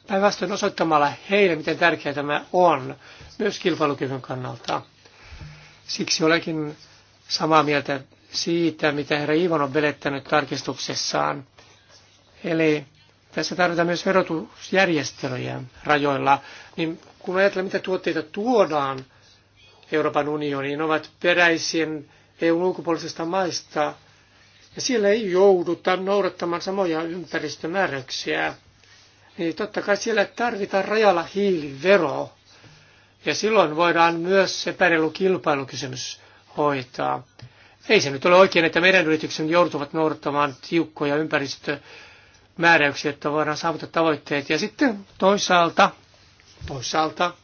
Päinvastoin osoittamalla heille, miten tärkeää tämä on, myös kilpailukyvyn kannalta. Siksi olenkin samaa mieltä siitä, mitä herra Ivan on velettänyt tarkistuksessaan. Eli tässä tarvitaan myös verotusjärjestelyjä rajoilla. Niin kun ajatellaan, mitä tuotteita tuodaan Euroopan unioniin, ovat peräisin eu ulkopuolisista maista – ja siellä ei jouduta noudattamaan samoja ympäristömääräyksiä, niin totta kai siellä tarvitaan rajalla hiilivero. Ja silloin voidaan myös se pärjelukilpailukysymys hoitaa. Ei se nyt ole oikein, että meidän yrityksen joutuvat noudattamaan tiukkoja ympäristömääräyksiä, että voidaan saavuttaa tavoitteet. Ja sitten toisaalta, toisaalta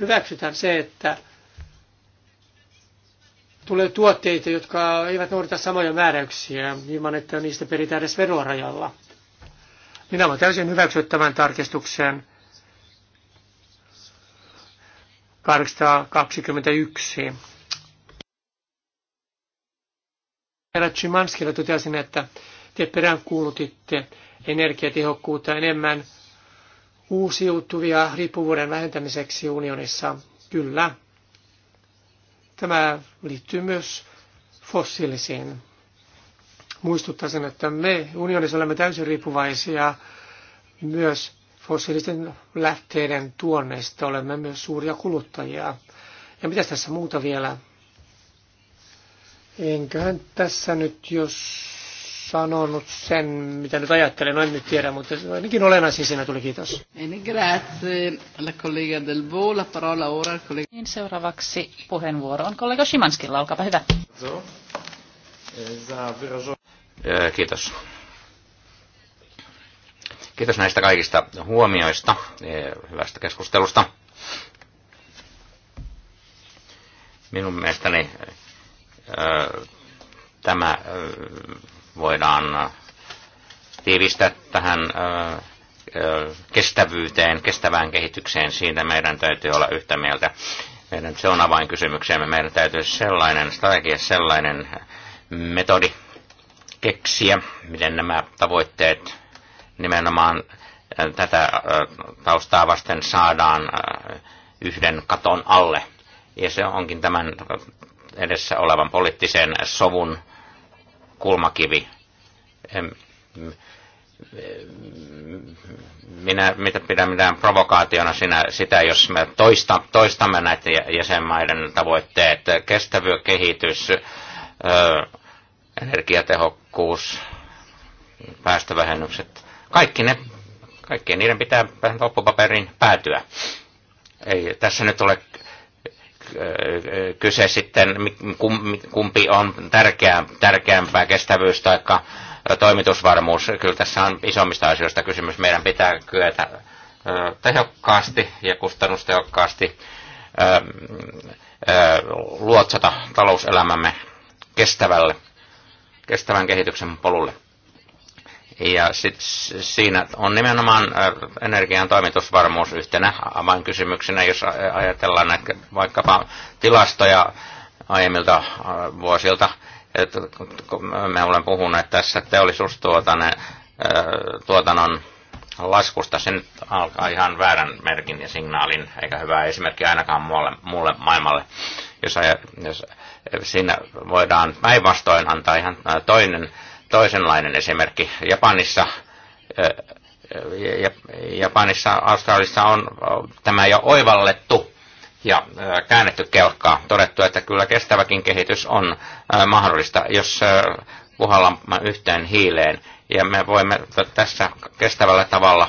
hyväksytään se, että tulee tuotteita, jotka eivät noudata samoja määräyksiä ilman, että niistä peritään edes veroa rajalla. Minä voin täysin hyväksyä tämän tarkistuksen 821. Herra Chimanskilla totesin, että te peräänkuulutitte energiatehokkuutta enemmän uusiutuvia riippuvuuden vähentämiseksi unionissa. Kyllä, Tämä liittyy myös fossiilisiin. Muistuttaisin, että me unionissa olemme täysin riippuvaisia myös fossiilisten lähteiden tuonneista. Olemme myös suuria kuluttajia. Ja mitäs tässä muuta vielä? Enköhän tässä nyt, jos sanonut sen, mitä nyt ajattelen. No en nyt tiedä, mutta ainakin olennaisin siinä tuli. Kiitos. Grazie alla collega La parola ora collega... Niin seuraavaksi puheenvuoro on kollega Shimanskilla. Olkaapa hyvä. Kiitos. Kiitos näistä kaikista huomioista, hyvästä keskustelusta. Minun mielestäni tämä voidaan tiivistää tähän kestävyyteen, kestävään kehitykseen, siitä meidän täytyy olla yhtä mieltä. Meidän, se on avainkysymyksemme. Meidän täytyy sellainen strategia, sellainen metodi keksiä, miten nämä tavoitteet nimenomaan tätä taustaa vasten saadaan yhden katon alle. Ja se onkin tämän edessä olevan poliittisen sovun kulmakivi. Minä mitä pidän mitään provokaationa sinä, sitä, jos me toista, toistamme näitä jäsenmaiden tavoitteet, Kestävy kehitys, energiatehokkuus, päästövähennykset, kaikki ne, kaikkien niiden pitää loppupaperin päätyä. Ei tässä nyt ole kyse sitten, kumpi on tärkeä, tärkeämpää, kestävyys tai toimitusvarmuus. Kyllä tässä on isommista asioista kysymys. Meidän pitää kyetä tehokkaasti ja kustannustehokkaasti luotsata talouselämämme kestävälle, kestävän kehityksen polulle. Ja sit, siinä on nimenomaan energian toimitusvarmuus yhtenä avainkysymyksenä, jos ajatellaan näitä vaikkapa tilastoja aiemmilta vuosilta. Että me olemme puhuneet tässä teollisuustuotannon laskusta. Se nyt alkaa ihan väärän merkin ja signaalin, eikä hyvää esimerkki ainakaan muulle, muulle maailmalle. Jos, jos siinä voidaan päinvastoin antaa ihan toinen toisenlainen esimerkki. Japanissa Japanissa, Australissa on tämä jo oivallettu ja käännetty kelkkaa, todettu, että kyllä kestäväkin kehitys on mahdollista, jos puhallamme yhteen hiileen. Ja me voimme tässä kestävällä tavalla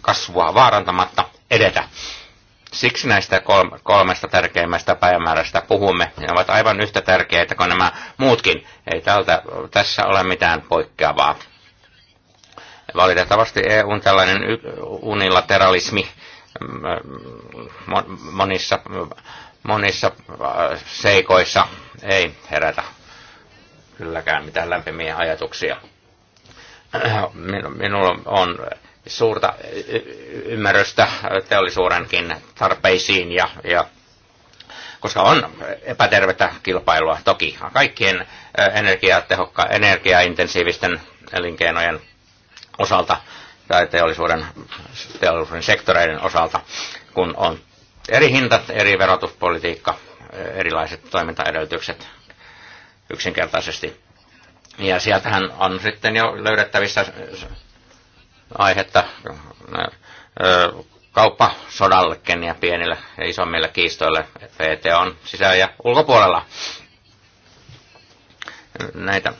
kasvua vaarantamatta edetä. Siksi näistä kolmesta tärkeimmästä päivämäärästä puhumme. Ne ovat aivan yhtä tärkeitä kuin nämä muutkin. Ei tältä, tässä ole mitään poikkeavaa. Valitettavasti EUn tällainen unilateralismi mm, mm, monissa, monissa äh, seikoissa ei herätä kylläkään mitään lämpimiä ajatuksia. Minulla on suurta ymmärrystä teollisuudenkin tarpeisiin ja, ja koska on epätervettä kilpailua toki kaikkien energiatehokka, energiaintensiivisten elinkeinojen osalta tai teollisuuden, teollisuuden sektoreiden osalta, kun on eri hintat, eri verotuspolitiikka, erilaiset toimintaedellytykset yksinkertaisesti. Ja sieltähän on sitten jo löydettävissä aihetta kauppasodallekin ja pienillä ja isommilla kiistoilla VT on sisä- ja ulkopuolella. Näitä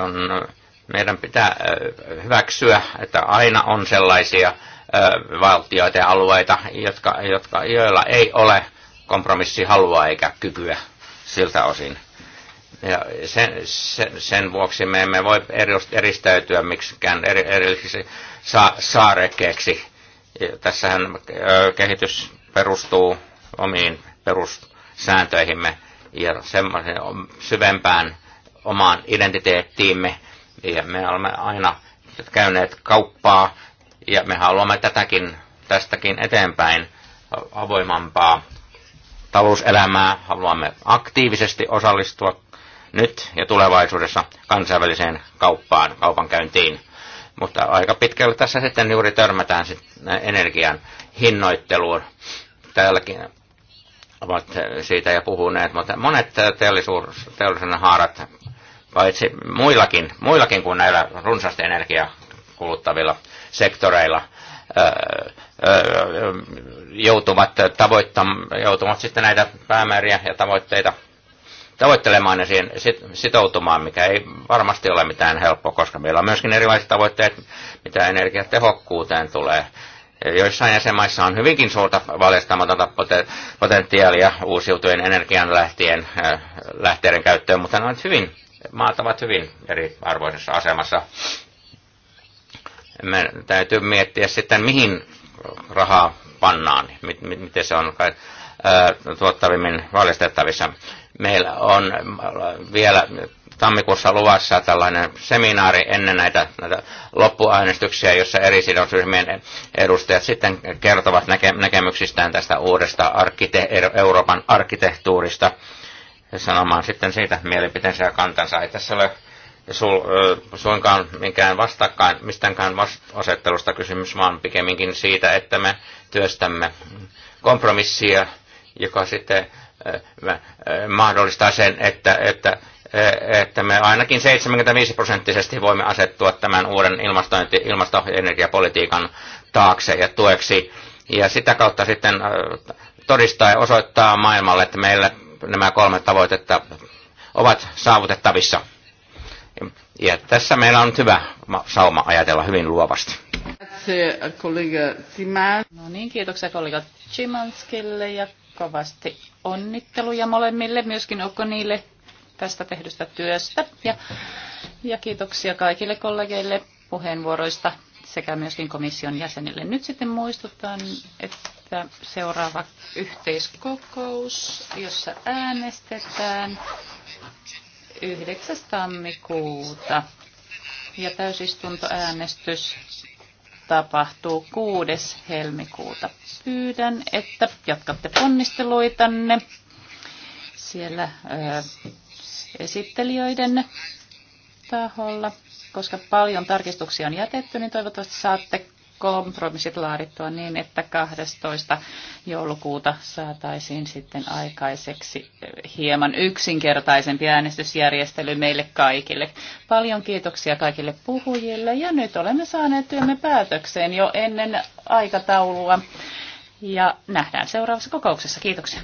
on, meidän pitää hyväksyä, että aina on sellaisia valtioita ja alueita, jotka, jotka, joilla ei ole kompromissi halua eikä kykyä siltä osin. Ja sen, sen, sen vuoksi me emme voi eristäytyä miksikään eri, erilliseksi sa, saarekeeksi. Tässähän ö, kehitys perustuu omiin perussääntöihimme ja semmoisen syvempään omaan identiteettiimme. Ja me olemme aina käyneet kauppaa ja me haluamme tätäkin tästäkin eteenpäin avoimampaa talouselämää. Haluamme aktiivisesti osallistua nyt ja tulevaisuudessa kansainväliseen kauppaan, kaupankäyntiin. Mutta aika pitkällä tässä sitten juuri törmätään sit energian hinnoitteluun. Täälläkin ovat siitä jo puhuneet, mutta monet teollisuus, teollisuuden haarat, paitsi muillakin, muillakin kuin näillä runsaasti energiaa kuluttavilla sektoreilla, joutuvat, tavoittam, joutuvat sitten näitä päämääriä ja tavoitteita tavoittelemaan ja siihen sitoutumaan, mikä ei varmasti ole mitään helppoa, koska meillä on myöskin erilaiset tavoitteet, mitä energiatehokkuuteen tulee. Joissain jäsenmaissa on hyvinkin suurta valjastamatonta potentiaalia uusiutujen energian lähtien, äh, lähteiden käyttöön, mutta ne ovat hyvin, maat ovat hyvin eriarvoisessa asemassa. Me täytyy miettiä sitten, mihin rahaa pannaan, miten se on äh, tuottavimmin valjastettavissa. Meillä on äh, vielä tammikuussa luvassa tällainen seminaari ennen näitä, näitä loppuäänestyksiä, jossa eri sidosryhmien edustajat sitten kertovat näke, näkemyksistään tästä uudesta arkkite, Euroopan arkkitehtuurista sanomaan sitten siitä mielipiteensä ja kantansa. Ei tässä ole sul, suinkaan minkään vastakkain, mistäänkään vastasettelusta kysymys, vaan pikemminkin siitä, että me työstämme kompromissia, joka sitten mahdollistaa sen, että, että, että me ainakin 75 prosenttisesti voimme asettua tämän uuden ilmasto- ja energiapolitiikan taakse ja tueksi. Ja sitä kautta sitten todistaa ja osoittaa maailmalle, että meillä nämä kolme tavoitetta ovat saavutettavissa. Ja tässä meillä on hyvä sauma ajatella hyvin luovasti. No niin, kiitoksia kollega Chimanskille ja kovasti onnitteluja molemmille, myöskin niille tästä tehdystä työstä. Ja, ja kiitoksia kaikille kollegeille puheenvuoroista sekä myöskin komission jäsenille. Nyt sitten muistutan, että seuraava yhteiskokous, jossa äänestetään 9. tammikuuta ja täysistuntoäänestys tapahtuu 6. helmikuuta. Pyydän, että jatkatte ponnisteluitanne siellä ää, esittelijöiden taholla. Koska paljon tarkistuksia on jätetty, niin toivottavasti saatte kompromissit laadittua niin, että 12. joulukuuta saataisiin sitten aikaiseksi hieman yksinkertaisempi äänestysjärjestely meille kaikille. Paljon kiitoksia kaikille puhujille ja nyt olemme saaneet työmme päätökseen jo ennen aikataulua ja nähdään seuraavassa kokouksessa. Kiitoksia.